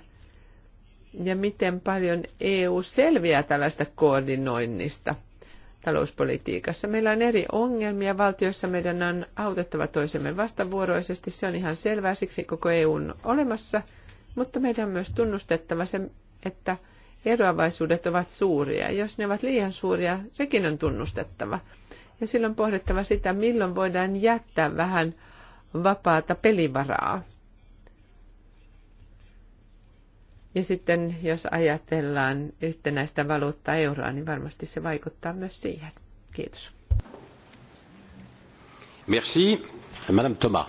ja miten paljon EU selviää tällaista koordinoinnista talouspolitiikassa. Meillä on eri ongelmia valtioissa, meidän on autettava toisemme vastavuoroisesti, se on ihan selvää, siksi koko EU on olemassa, mutta meidän on myös tunnustettava se, että eroavaisuudet ovat suuria. Jos ne ovat liian suuria, sekin on tunnustettava. Ja silloin pohdittava sitä, milloin voidaan jättää vähän vapaata pelivaraa. Ja sitten jos ajatellaan yhtenäistä valuuttaa euroa, niin varmasti se vaikuttaa myös siihen. Kiitos. Merci, Madame Thomas.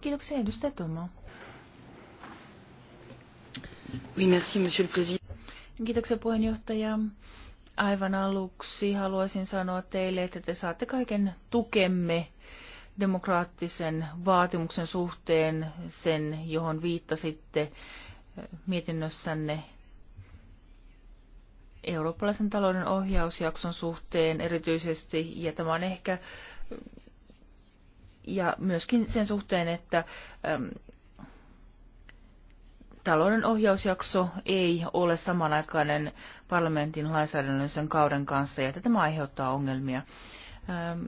Kiitoksia, edustaja Thomas. Oui, merci, Monsieur le Président. Kiitoksia puheenjohtaja. Aivan aluksi haluaisin sanoa teille, että te saatte kaiken tukemme demokraattisen vaatimuksen suhteen, sen johon viittasitte eh, mietinnössänne eurooppalaisen talouden ohjausjakson suhteen erityisesti, ja tämä on ehkä, ja myöskin sen suhteen, että äm, talouden ohjausjakso ei ole samanaikainen parlamentin lainsäädännöllisen kauden kanssa, ja että tämä aiheuttaa ongelmia. Ähm,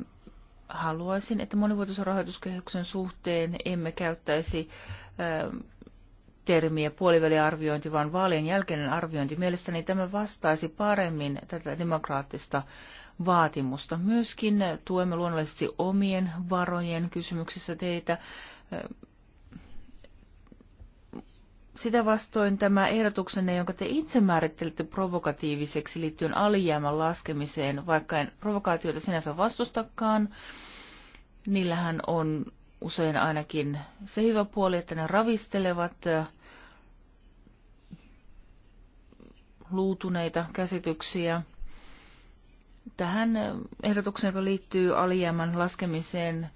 haluaisin, että monivuotisen rahoituskehyksen suhteen emme käyttäisi ähm, termiä puoliväliarviointi, vaan vaalien jälkeinen arviointi. Mielestäni tämä vastaisi paremmin tätä demokraattista vaatimusta. Myöskin tuemme luonnollisesti omien varojen kysymyksissä teitä sitä vastoin tämä ehdotuksenne, jonka te itse määrittelitte provokatiiviseksi liittyen alijäämän laskemiseen, vaikka en provokaatioita sinänsä vastustakaan, niillähän on usein ainakin se hyvä puoli, että ne ravistelevat äh, luutuneita käsityksiä. Tähän äh, ehdotukseen, joka liittyy alijäämän laskemiseen,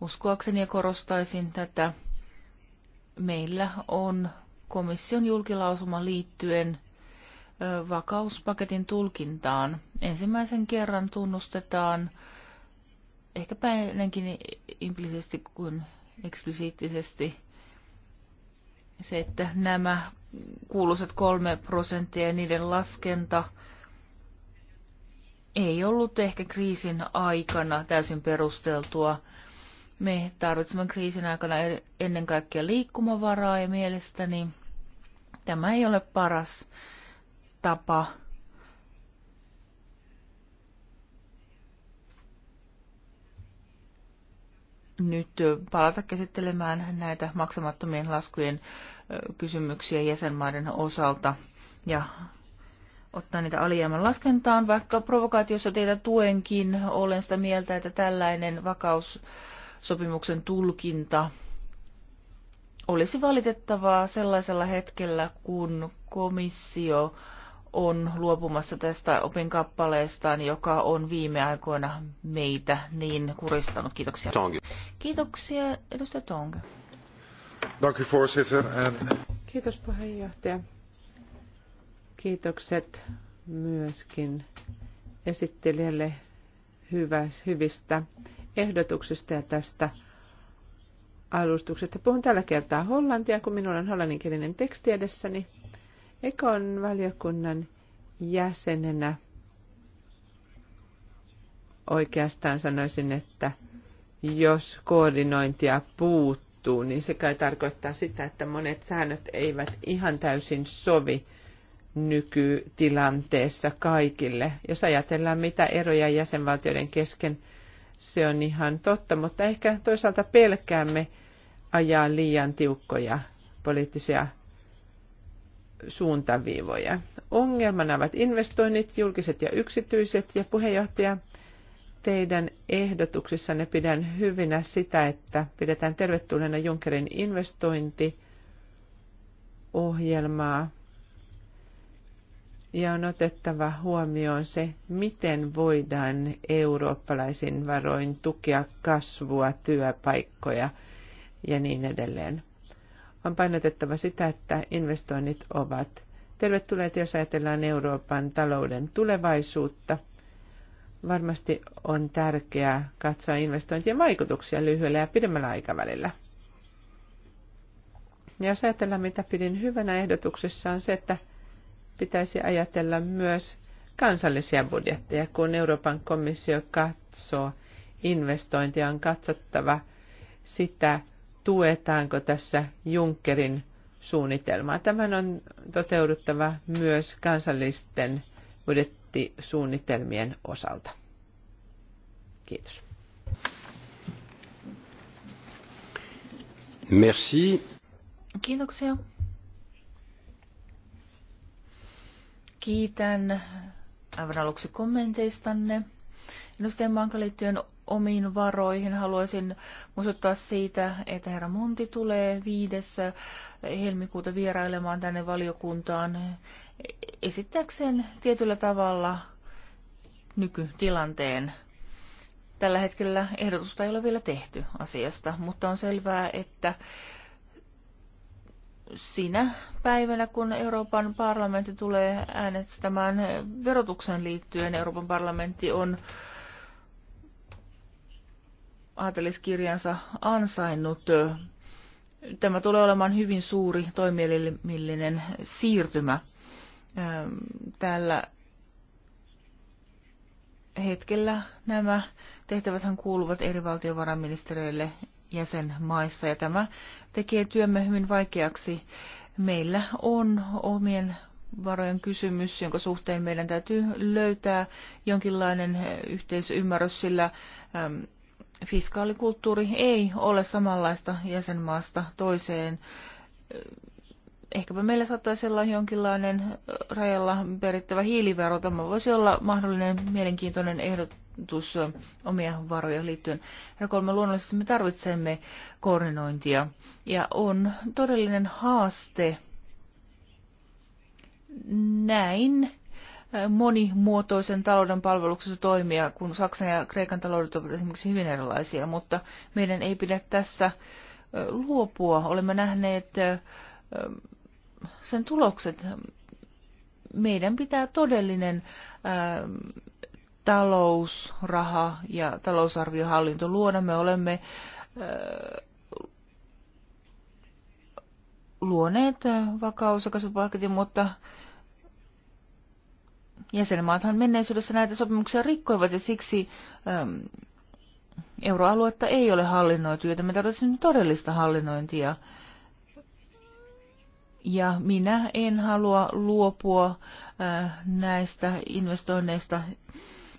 uskoakseni ja korostaisin tätä, meillä on komission julkilausuma liittyen vakauspaketin tulkintaan. Ensimmäisen kerran tunnustetaan ehkäpä ennenkin implisesti kuin eksplisiittisesti se, että nämä kuuluisat kolme prosenttia ja niiden laskenta ei ollut ehkä kriisin aikana täysin perusteltua me tarvitsemme kriisin aikana e- ennen kaikkea liikkumavaraa ja mielestäni tämä ei ole paras tapa nyt palata käsittelemään näitä maksamattomien laskujen kysymyksiä jäsenmaiden osalta ja ottaa niitä alijäämän laskentaan, vaikka provokaatiossa teitä tuenkin. Olen sitä mieltä, että tällainen vakaus sopimuksen tulkinta olisi valitettavaa sellaisella hetkellä, kun komissio on luopumassa tästä opinkappaleestaan, joka on viime aikoina meitä niin kuristanut. Kiitoksia. Tongi. Kiitoksia, edustaja Tonga. Kiitos puheenjohtaja. Kiitokset myöskin esittelijälle hyvä, hyvistä ehdotuksesta ja tästä alustuksesta. Puhun tällä kertaa hollantia, kun minulla on hollanninkielinen teksti edessäni. Ekon valiokunnan jäsenenä oikeastaan sanoisin, että jos koordinointia puuttuu, niin se kai tarkoittaa sitä, että monet säännöt eivät ihan täysin sovi nykytilanteessa kaikille. Jos ajatellaan, mitä eroja jäsenvaltioiden kesken se on ihan totta, mutta ehkä toisaalta pelkäämme ajaa liian tiukkoja poliittisia suuntaviivoja. Ongelmana ovat investoinnit, julkiset ja yksityiset, ja puheenjohtaja, teidän ehdotuksissanne pidän hyvinä sitä, että pidetään tervetulleena Junckerin investointiohjelmaa ja on otettava huomioon se, miten voidaan eurooppalaisin varoin tukea kasvua, työpaikkoja ja niin edelleen. On painotettava sitä, että investoinnit ovat tervetulleet, jos ajatellaan Euroopan talouden tulevaisuutta. Varmasti on tärkeää katsoa investointien vaikutuksia lyhyellä ja pidemmällä aikavälillä. Ja jos ajatellaan, mitä pidin hyvänä ehdotuksessa, on se, että pitäisi ajatella myös kansallisia budjetteja, kun Euroopan komissio katsoo investointia, on katsottava sitä, tuetaanko tässä Junckerin suunnitelmaa. Tämän on toteuduttava myös kansallisten budjettisuunnitelmien osalta. Kiitos. Merci. Kiitoksia. Kiitän aivan aluksi kommenteistanne. Ennusteen Manka omiin varoihin haluaisin muistuttaa siitä, että herra Monti tulee viidessä helmikuuta vierailemaan tänne valiokuntaan esittääkseen tietyllä tavalla nykytilanteen. Tällä hetkellä ehdotusta ei ole vielä tehty asiasta, mutta on selvää, että sinä päivänä, kun Euroopan parlamentti tulee äänestämään verotuksen liittyen, Euroopan parlamentti on aateliskirjansa ansainnut. Tämä tulee olemaan hyvin suuri toimielimillinen siirtymä. Ehm, tällä hetkellä nämä tehtävät kuuluvat eri valtiovarainministeriöille jäsenmaissa ja tämä tekee työmme hyvin vaikeaksi. Meillä on omien varojen kysymys, jonka suhteen meidän täytyy löytää jonkinlainen yhteisymmärrys, sillä fiskaalikulttuuri ei ole samanlaista jäsenmaasta toiseen. Ehkäpä meillä saattaisi olla jonkinlainen rajalla perittävä hiilivero. Tämä voisi olla mahdollinen mielenkiintoinen ehdotus rahoitus omia varoja liittyen. Ja kolme luonnollisesti me tarvitsemme koordinointia ja on todellinen haaste näin monimuotoisen talouden palveluksessa toimia, kun Saksan ja Kreikan taloudet ovat esimerkiksi hyvin erilaisia, mutta meidän ei pidä tässä luopua. Olemme nähneet sen tulokset. Meidän pitää todellinen talous, raha ja talousarviohallinto luoda. Me olemme luoneet vakaus- ja kasvupaketin, mutta jäsenmaathan menneisyydessä näitä sopimuksia rikkoivat ja siksi ää, euroaluetta ei ole hallinnoitu, joten me tarvitsemme todellista hallinnointia. Ja minä en halua luopua näistä investoinneista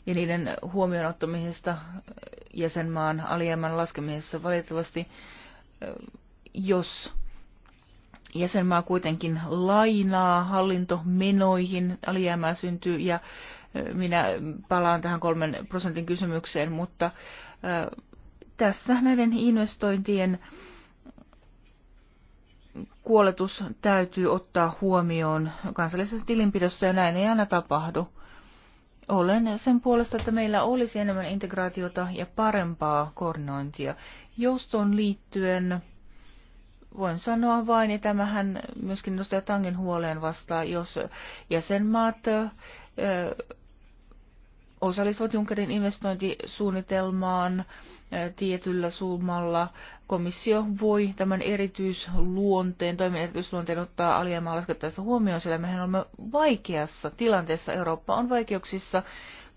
ja niiden huomioonottamisesta jäsenmaan alijäämän laskemisessa valitettavasti, jos jäsenmaa kuitenkin lainaa hallintomenoihin, alijäämää syntyy ja minä palaan tähän kolmen prosentin kysymykseen, mutta tässä näiden investointien kuoletus täytyy ottaa huomioon kansallisessa tilinpidossa ja näin ei aina tapahdu. Olen sen puolesta, että meillä olisi enemmän integraatiota ja parempaa koordinointia. Joustoon liittyen voin sanoa vain, ja tämähän myöskin nostaa Tangen huoleen vastaa, jos jäsenmaat osallistuvat Junckerin investointisuunnitelmaan tietyllä summalla. Komissio voi tämän erityisluonteen, toimen erityisluonteen ottaa alijäämää laskettaessa huomioon, sillä mehän olemme vaikeassa tilanteessa. Eurooppa on vaikeuksissa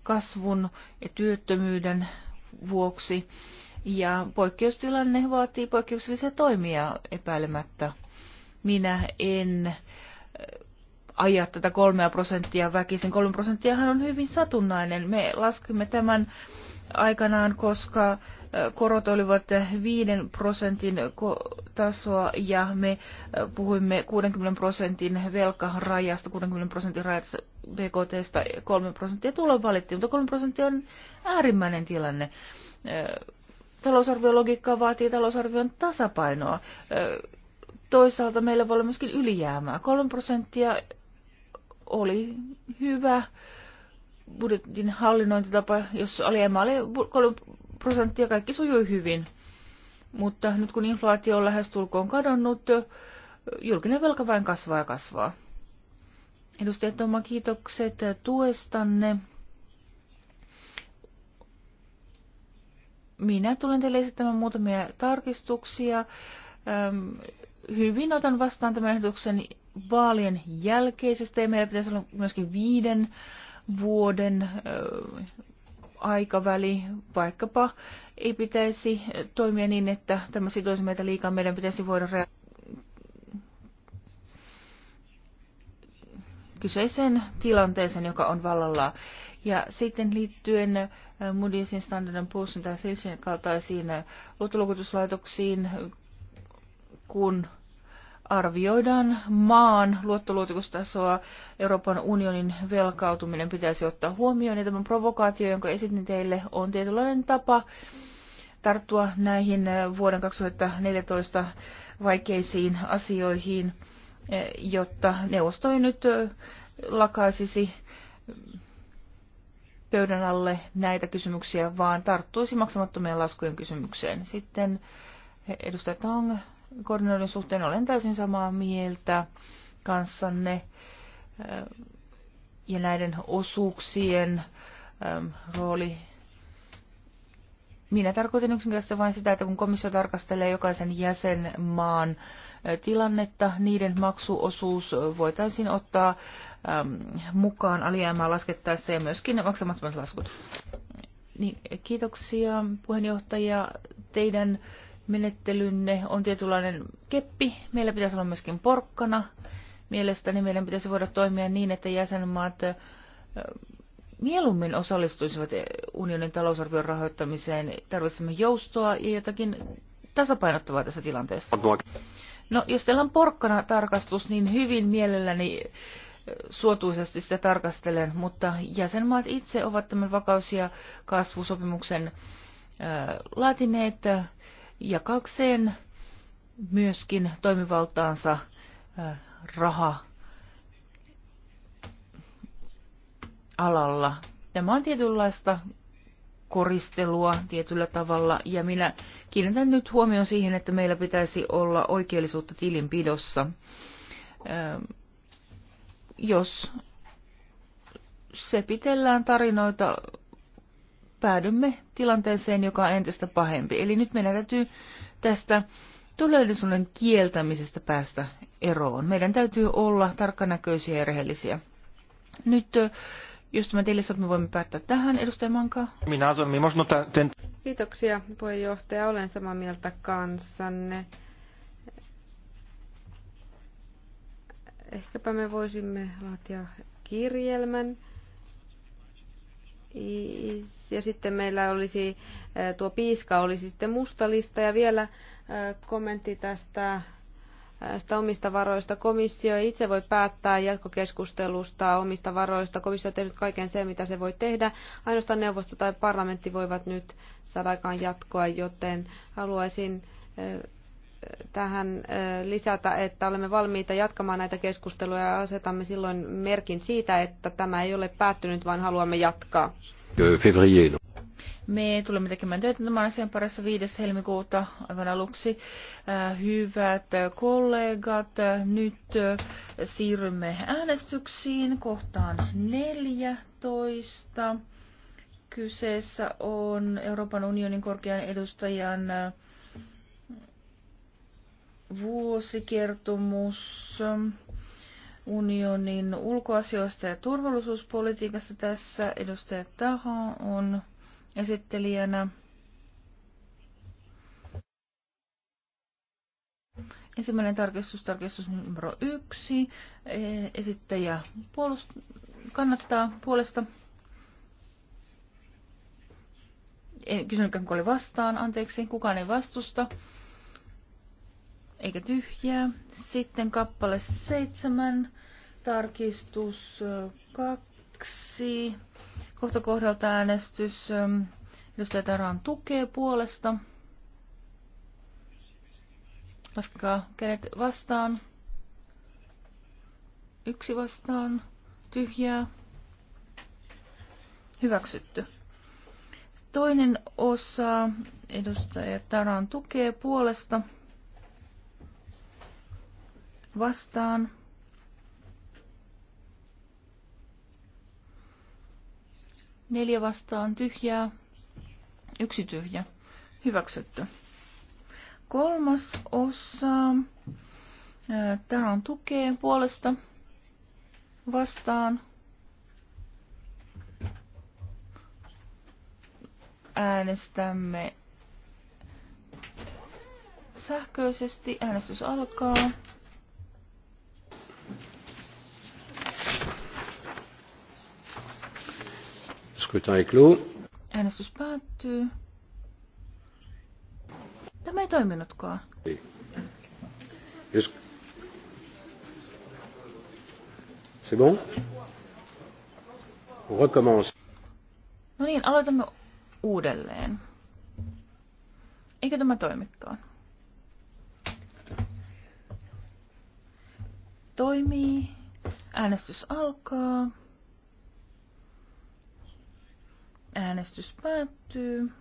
kasvun ja työttömyyden vuoksi. Ja poikkeustilanne vaatii poikkeuksellisia toimia epäilemättä. Minä en äh, ajaa tätä kolmea prosenttia väkisin. Kolme prosenttiahan on hyvin satunnainen. Me laskimme tämän aikanaan, koska korot olivat 5 prosentin tasoa ja me puhuimme 60 prosentin velkarajasta, 60 prosentin rajasta BKTstä 3 prosenttia tulon valittiin, mutta 3 prosenttia on äärimmäinen tilanne. Talousarviologiikka vaatii talousarvion tasapainoa. Toisaalta meillä voi olla myöskin ylijäämää. 3 prosenttia oli hyvä budjetin hallinnointitapa, jos oli oli 3 prosenttia, kaikki sujui hyvin. Mutta nyt kun inflaatio on lähestulkoon kadonnut, julkinen velka vain kasvaa ja kasvaa. Edustaja Toma, kiitokset tuestanne. Minä tulen teille esittämään muutamia tarkistuksia hyvin otan vastaan tämän ehdotuksen vaalien jälkeisestä ja meillä pitäisi olla myöskin viiden vuoden aikaväli, vaikkapa ei pitäisi toimia niin, että tämä sitoisi meitä liikaa. Meidän pitäisi voida reagoida kyseiseen tilanteeseen, joka on vallalla. Ja sitten liittyen Moody'sin Standard Poor'sin tai Fitchin kaltaisiin luottoluokituslaitoksiin, kun arvioidaan maan luottoluotikustasoa, Euroopan unionin velkautuminen pitäisi ottaa huomioon. Ja tämä provokaatio, jonka esitin teille, on tietynlainen tapa tarttua näihin vuoden 2014 vaikeisiin asioihin, jotta neuvosto ei nyt lakaisisi pöydän alle näitä kysymyksiä, vaan tarttuisi maksamattomien laskujen kysymykseen. Sitten edustaja Tong, koordinoiden suhteen olen täysin samaa mieltä kanssanne äh, ja näiden osuuksien ähm, rooli. Minä tarkoitin yksinkertaisesti vain sitä, että kun komissio tarkastelee jokaisen jäsenmaan äh, tilannetta, niiden maksuosuus voitaisiin ottaa ähm, mukaan alijäämää laskettaessa ja myöskin maksamattomat laskut. Niin, kiitoksia puheenjohtaja. Teidän menettelynne on tietynlainen keppi. Meillä pitäisi olla myöskin porkkana. Mielestäni meidän pitäisi voida toimia niin, että jäsenmaat mieluummin osallistuisivat unionin talousarvion rahoittamiseen. Tarvitsemme joustoa ja jotakin tasapainottavaa tässä tilanteessa. No, jos teillä on porkkana tarkastus, niin hyvin mielelläni suotuisesti sitä tarkastelen, mutta jäsenmaat itse ovat tämän vakaus- ja kasvusopimuksen laatineet jakakseen myöskin toimivaltaansa äh, raha alalla. Tämä on tietynlaista koristelua tietyllä tavalla ja minä kiinnitän nyt huomioon siihen, että meillä pitäisi olla oikeellisuutta tilinpidossa. Äh, jos sepitellään tarinoita päädymme tilanteeseen, joka on entistä pahempi. Eli nyt meidän täytyy tästä todellisuuden kieltämisestä päästä eroon. Meidän täytyy olla tarkkanäköisiä ja rehellisiä. Nyt jos tämä teille sopii, voimme päättää tähän. Edustaja Manka. Minä sanon, Kiitoksia puheenjohtaja. Olen samaa mieltä kanssanne. Ehkäpä me voisimme laatia kirjelmän ja sitten meillä olisi eh, tuo piiska olisi sitten mustalista ja vielä eh, kommentti tästä eh, sitä omista varoista. Komissio ei itse voi päättää jatkokeskustelusta omista varoista. Komissio on tehnyt kaiken sen, mitä se voi tehdä. Ainoastaan neuvosto tai parlamentti voivat nyt saada aikaan jatkoa, joten haluaisin tähän lisätä, että olemme valmiita jatkamaan näitä keskusteluja ja asetamme silloin merkin siitä, että tämä ei ole päättynyt, vaan haluamme jatkaa. Me tulemme tekemään töitä tämän asian parissa 5. helmikuuta aivan aluksi. Hyvät kollegat, nyt siirrymme äänestyksiin kohtaan 14. Kyseessä on Euroopan unionin korkean edustajan vuosikertomus unionin ulkoasioista ja turvallisuuspolitiikasta. Tässä edustaja Taho on esittelijänä. Ensimmäinen tarkistus, tarkistus numero yksi. Eh, esittäjä puolust- kannattaa puolesta. En eh, kysynytkään, kun oli vastaan. Anteeksi, kukaan ei vastusta eikä tyhjää. Sitten kappale seitsemän, tarkistus kaksi, kohta kohdalta äänestys, jos Taran tukee puolesta. Laskaa kädet vastaan. Yksi vastaan. Tyhjää. Hyväksytty. Toinen osa edustaja Taran tukee puolesta vastaan. Neljä vastaan tyhjää. Yksi tyhjä. Hyväksytty. Kolmas osa. Täällä on tukeen puolesta vastaan. Äänestämme sähköisesti. Äänestys alkaa. Scrutin est clos. Äänestys päättyy. Tämä ei toiminutkaan. Ei. Jos... C'est bon? On recommence. No niin, aloitamme uudelleen. Eikö tämä toimikaan? Toimii. Äänestys alkaa. Äänestys päättyy.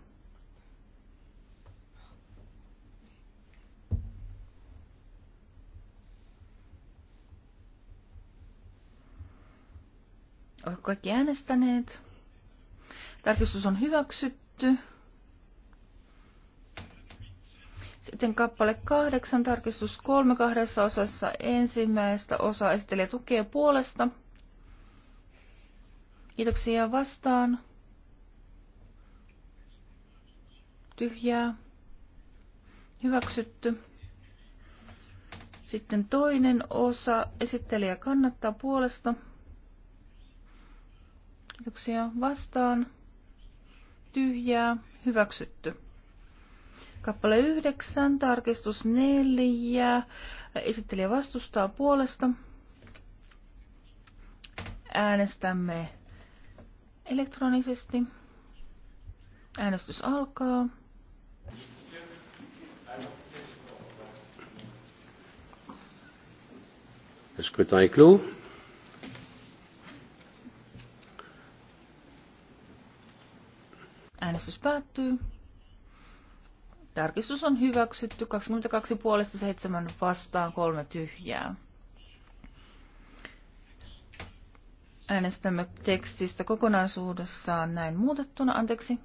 Oletko kaikki äänestäneet? Tarkistus on hyväksytty. Sitten kappale kahdeksan, tarkistus kolme kahdessa osassa. Ensimmäistä osaa esittelee tukea puolesta. Kiitoksia vastaan. tyhjää, hyväksytty. Sitten toinen osa, esittelijä kannattaa puolesta. Kiitoksia vastaan, tyhjää, hyväksytty. Kappale 9, tarkistus 4, esittelijä vastustaa puolesta. Äänestämme elektronisesti. Äänestys alkaa. Le scrutin est clos. Äänestys päättyy. Tarkistus on hyväksytty 22 puolesta 7 vastaan 3 tyhjää. Äänestämme tekstistä kokonaisuudessaan näin muutettuna. Anteeksi.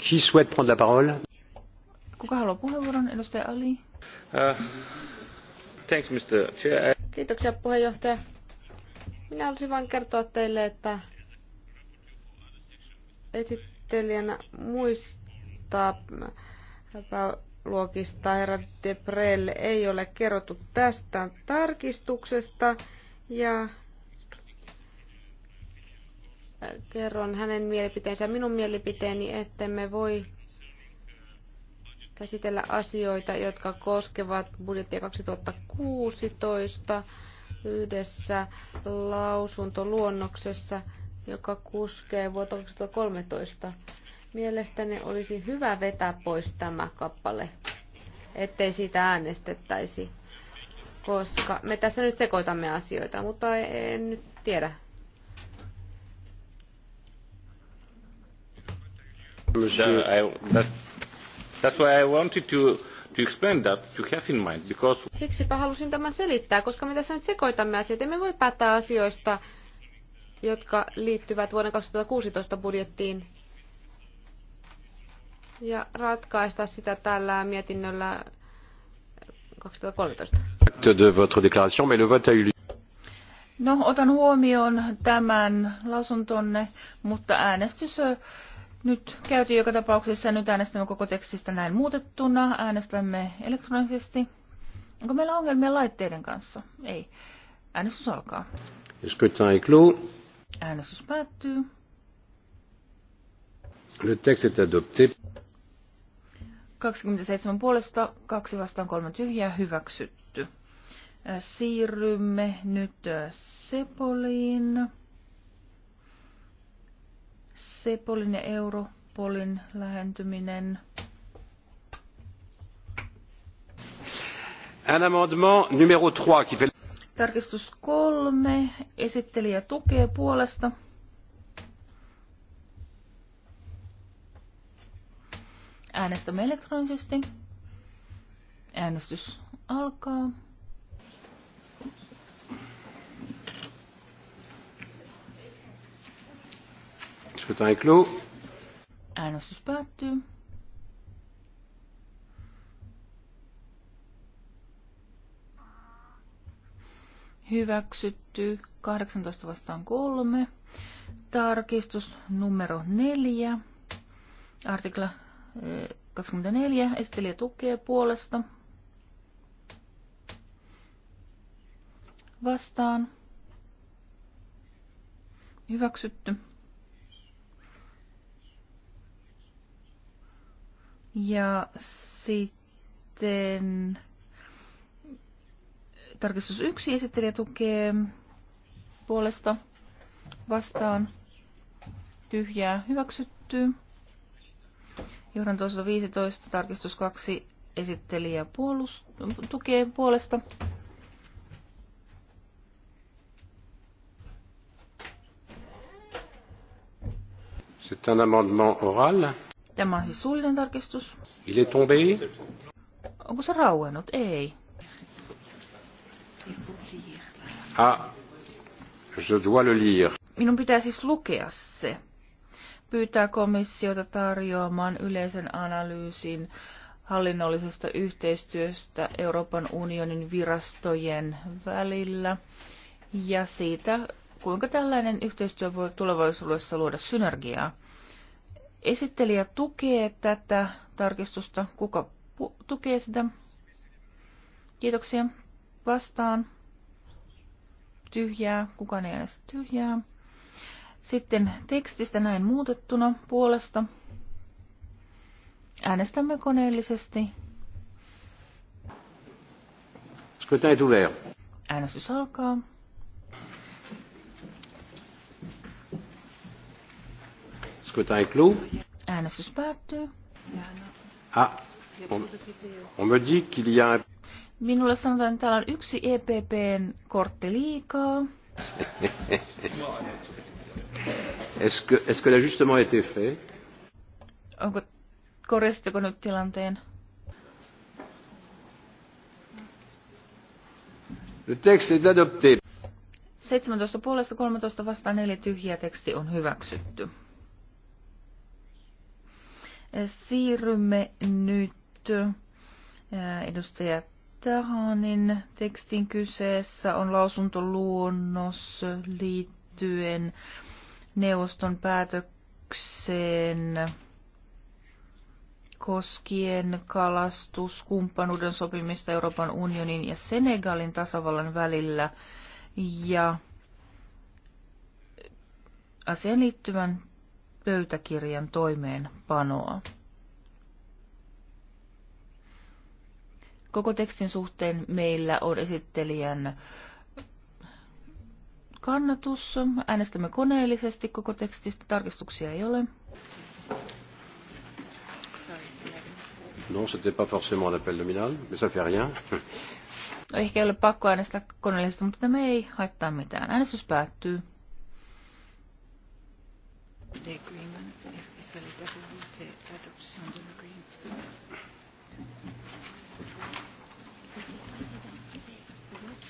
Qui souhaite prendre la parole? Kuka haluaa puheenvuoron? Edustaja Ali. Uh, thanks, Mr. Chair. Kiitoksia puheenjohtaja. Minä haluaisin vain kertoa teille, että esittelijänä muista luokista herra Debrel ei ole kerrottu tästä tarkistuksesta ja kerron hänen mielipiteensä minun mielipiteeni, että me voi käsitellä asioita, jotka koskevat budjettia 2016 yhdessä lausuntoluonnoksessa, joka kuskee vuotta 2013. Mielestäni olisi hyvä vetää pois tämä kappale, ettei siitä äänestettäisi, koska me tässä nyt sekoitamme asioita, mutta en nyt tiedä, Siksipä halusin tämän selittää, koska me tässä nyt sekoitamme asioita. Emme voi päättää asioista, jotka liittyvät vuoden 2016 budjettiin ja ratkaista sitä tällä mietinnöllä 2013. No, otan huomioon tämän lausuntonne, mutta äänestys nyt käytiin joka tapauksessa. Nyt äänestämme koko tekstistä näin muutettuna. Äänestämme elektronisesti. Onko meillä ongelmia laitteiden kanssa? Ei. Äänestys alkaa. Äänestys päättyy. Le texte est adopté. 27 puolesta, 2 vastaan 3 tyhjää, hyväksytty. Siirrymme nyt Sepoliin. C-polin ja Europolin lähentyminen. Un amendement numéro 3 qui fait... Tarkistus kolme. Esittelijä tukee puolesta. Äänestämme elektronisesti. Äänestys alkaa. Scrutin est clos. Äänestys päättyy. Hyväksytty 18 vastaan 3. Tarkistus numero 4. Artikla 24. Eh, Esittelijä tukee puolesta. Vastaan. Hyväksytty. Ja sitten tarkistus yksi esittelijä tukee puolesta vastaan tyhjää hyväksytty. Johdanto 15 tarkistus 2 esittelijä puolus, tukee puolesta. C'est un amendement oral. Tämä on siis suullinen tarkistus. Il est tombé. Onko se rauennut? Ei. Ah, je dois le lire. Minun pitää siis lukea se. Pyytää komissiota tarjoamaan yleisen analyysin hallinnollisesta yhteistyöstä Euroopan unionin virastojen välillä ja siitä, kuinka tällainen yhteistyö voi tulevaisuudessa luoda synergiaa. Esittelijä tukee tätä tarkistusta. Kuka tukee sitä? Kiitoksia. Vastaan. Tyhjää. Kukaan ei äänestä tyhjää. Sitten tekstistä näin muutettuna puolesta. Äänestämme koneellisesti. Äänestys alkaa. Scrutin est clos. Äänestys päättyy. Ah, on, on me dit qu'il y a un... Minulle sanotaan, että täällä on yksi EPPn kortti liikaa. Est-ce que, est que l'ajustement a été fait? Onko, korjastettu nyt tilanteen? Le texte est adopté. 17 puolesta 13 vastaan 4 tyhjää teksti on hyväksytty. Siirrymme nyt äh, edustaja Tahanin tekstin kyseessä on lausuntoluonnos liittyen neuvoston päätökseen koskien kalastuskumppanuuden sopimista Euroopan unionin ja Senegalin tasavallan välillä ja asian liittyvän pöytäkirjan toimeenpanoa. Koko tekstin suhteen meillä on esittelijän kannatus. Äänestämme koneellisesti koko tekstistä. Tarkistuksia ei ole. Non, c'était pas forcément l'appel nominal, mais ça fait rien. No, ehkä ei ole pakko äänestää koneellisesti, mutta tämä ei haittaa mitään. Äänestys päättyy.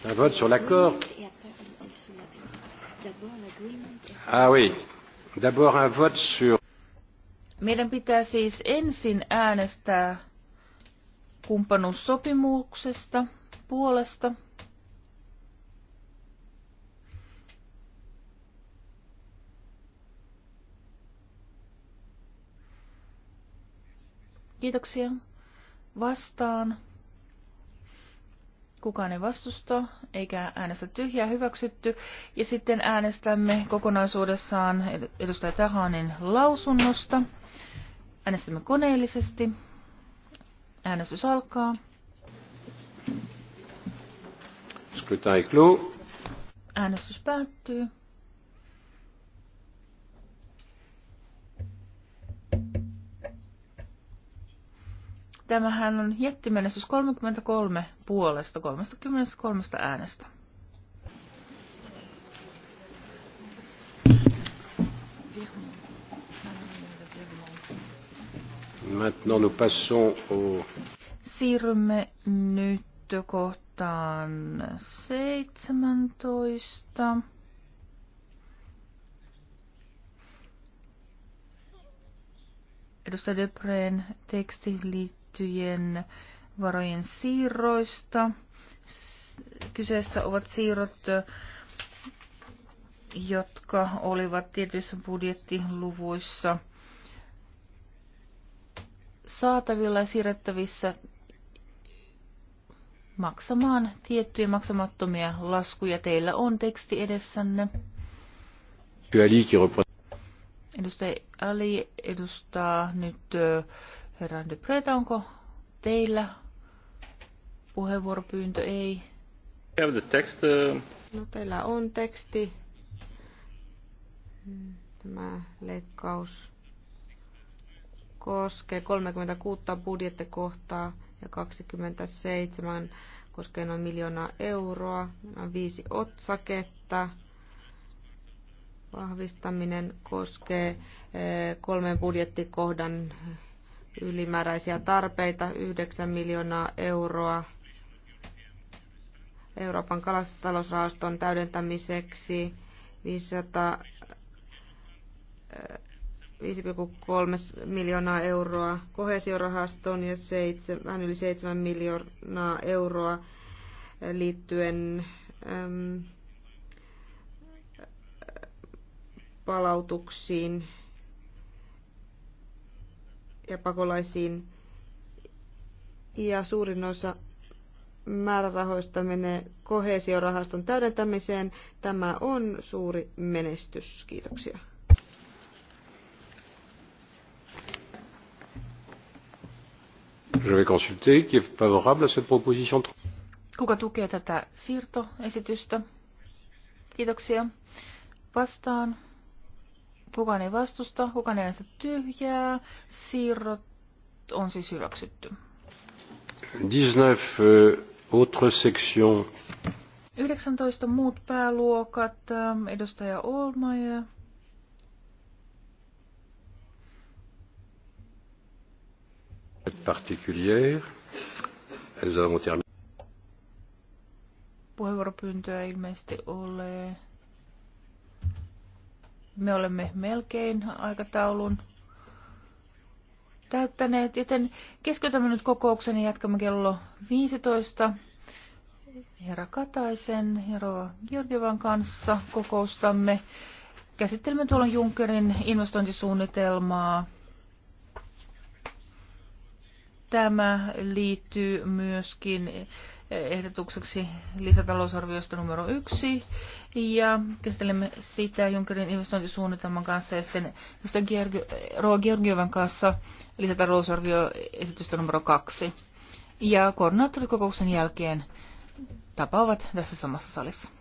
Un vote sur l'accord Ah oui, d'abord un vote sur. Meidän pitää siis ensin äänestää kumppanuussopimuksesta puolesta. Kiitoksia. Vastaan. Kukaan ei vastusta, eikä äänestä tyhjää hyväksytty. Ja sitten äänestämme kokonaisuudessaan edustaja Tahanin lausunnosta. Äänestämme koneellisesti. Äänestys alkaa. Äänestys päättyy. Tämähän on jättimenestys 33 puolesta 33 äänestä. Maintenant nous passons au... Siirrymme nyt kohtaan 17. Edustaja Depreen teksti liittyy tiettyjen varojen siirroista. Kyseessä ovat siirrot, jotka olivat tietyissä budjettiluvuissa saatavilla ja siirrettävissä maksamaan tiettyjä maksamattomia laskuja. Teillä on teksti edessänne. Edustaja Ali edustaa nyt Herra de Preta, onko teillä puheenvuoropyyntö? Ei. Have the text, uh, No teillä on teksti. Tämä leikkaus koskee 36 budjettikohtaa ja 27 koskee noin miljoonaa euroa. On viisi otsaketta. Vahvistaminen koskee eh, kolmen budjettikohdan ylimääräisiä tarpeita, 9 miljoonaa euroa Euroopan kalastalousrahaston täydentämiseksi, 5,3 miljoonaa euroa kohesiorahaston ja 7, vähän yli 7 miljoonaa euroa liittyen äm, palautuksiin ja pakolaisiin. Ja suurin osa määrärahoista menee kohesiorahaston täydentämiseen. Tämä on suuri menestys. Kiitoksia. Kuka tukee tätä siirtoesitystä? Kiitoksia. Vastaan. Kukaan ei vastusta, kukaan ei äänestä tyhjää. Siirrot on siis hyväksytty. 19 euh, muut pääluokat. Ähm, edustaja Olmaja. Puheenvuoropyyntöä ilmeisesti ole. Me olemme melkein aikataulun täyttäneet, joten keskitymme nyt kokouksen ja jatkamme kello 15. Herra Kataisen, Rova Georgievan kanssa kokoustamme. Käsittelemme tuolla Junckerin investointisuunnitelmaa. Tämä liittyy myöskin ehdotukseksi lisätalousarviosta numero yksi ja käsittelemme sitä Junckerin investointisuunnitelman kanssa ja sitten Roa Georgiovan kanssa lisätalousarvioesitystä numero kaksi. Ja koordinaattorikokouksen jälkeen tapaavat tässä samassa salissa.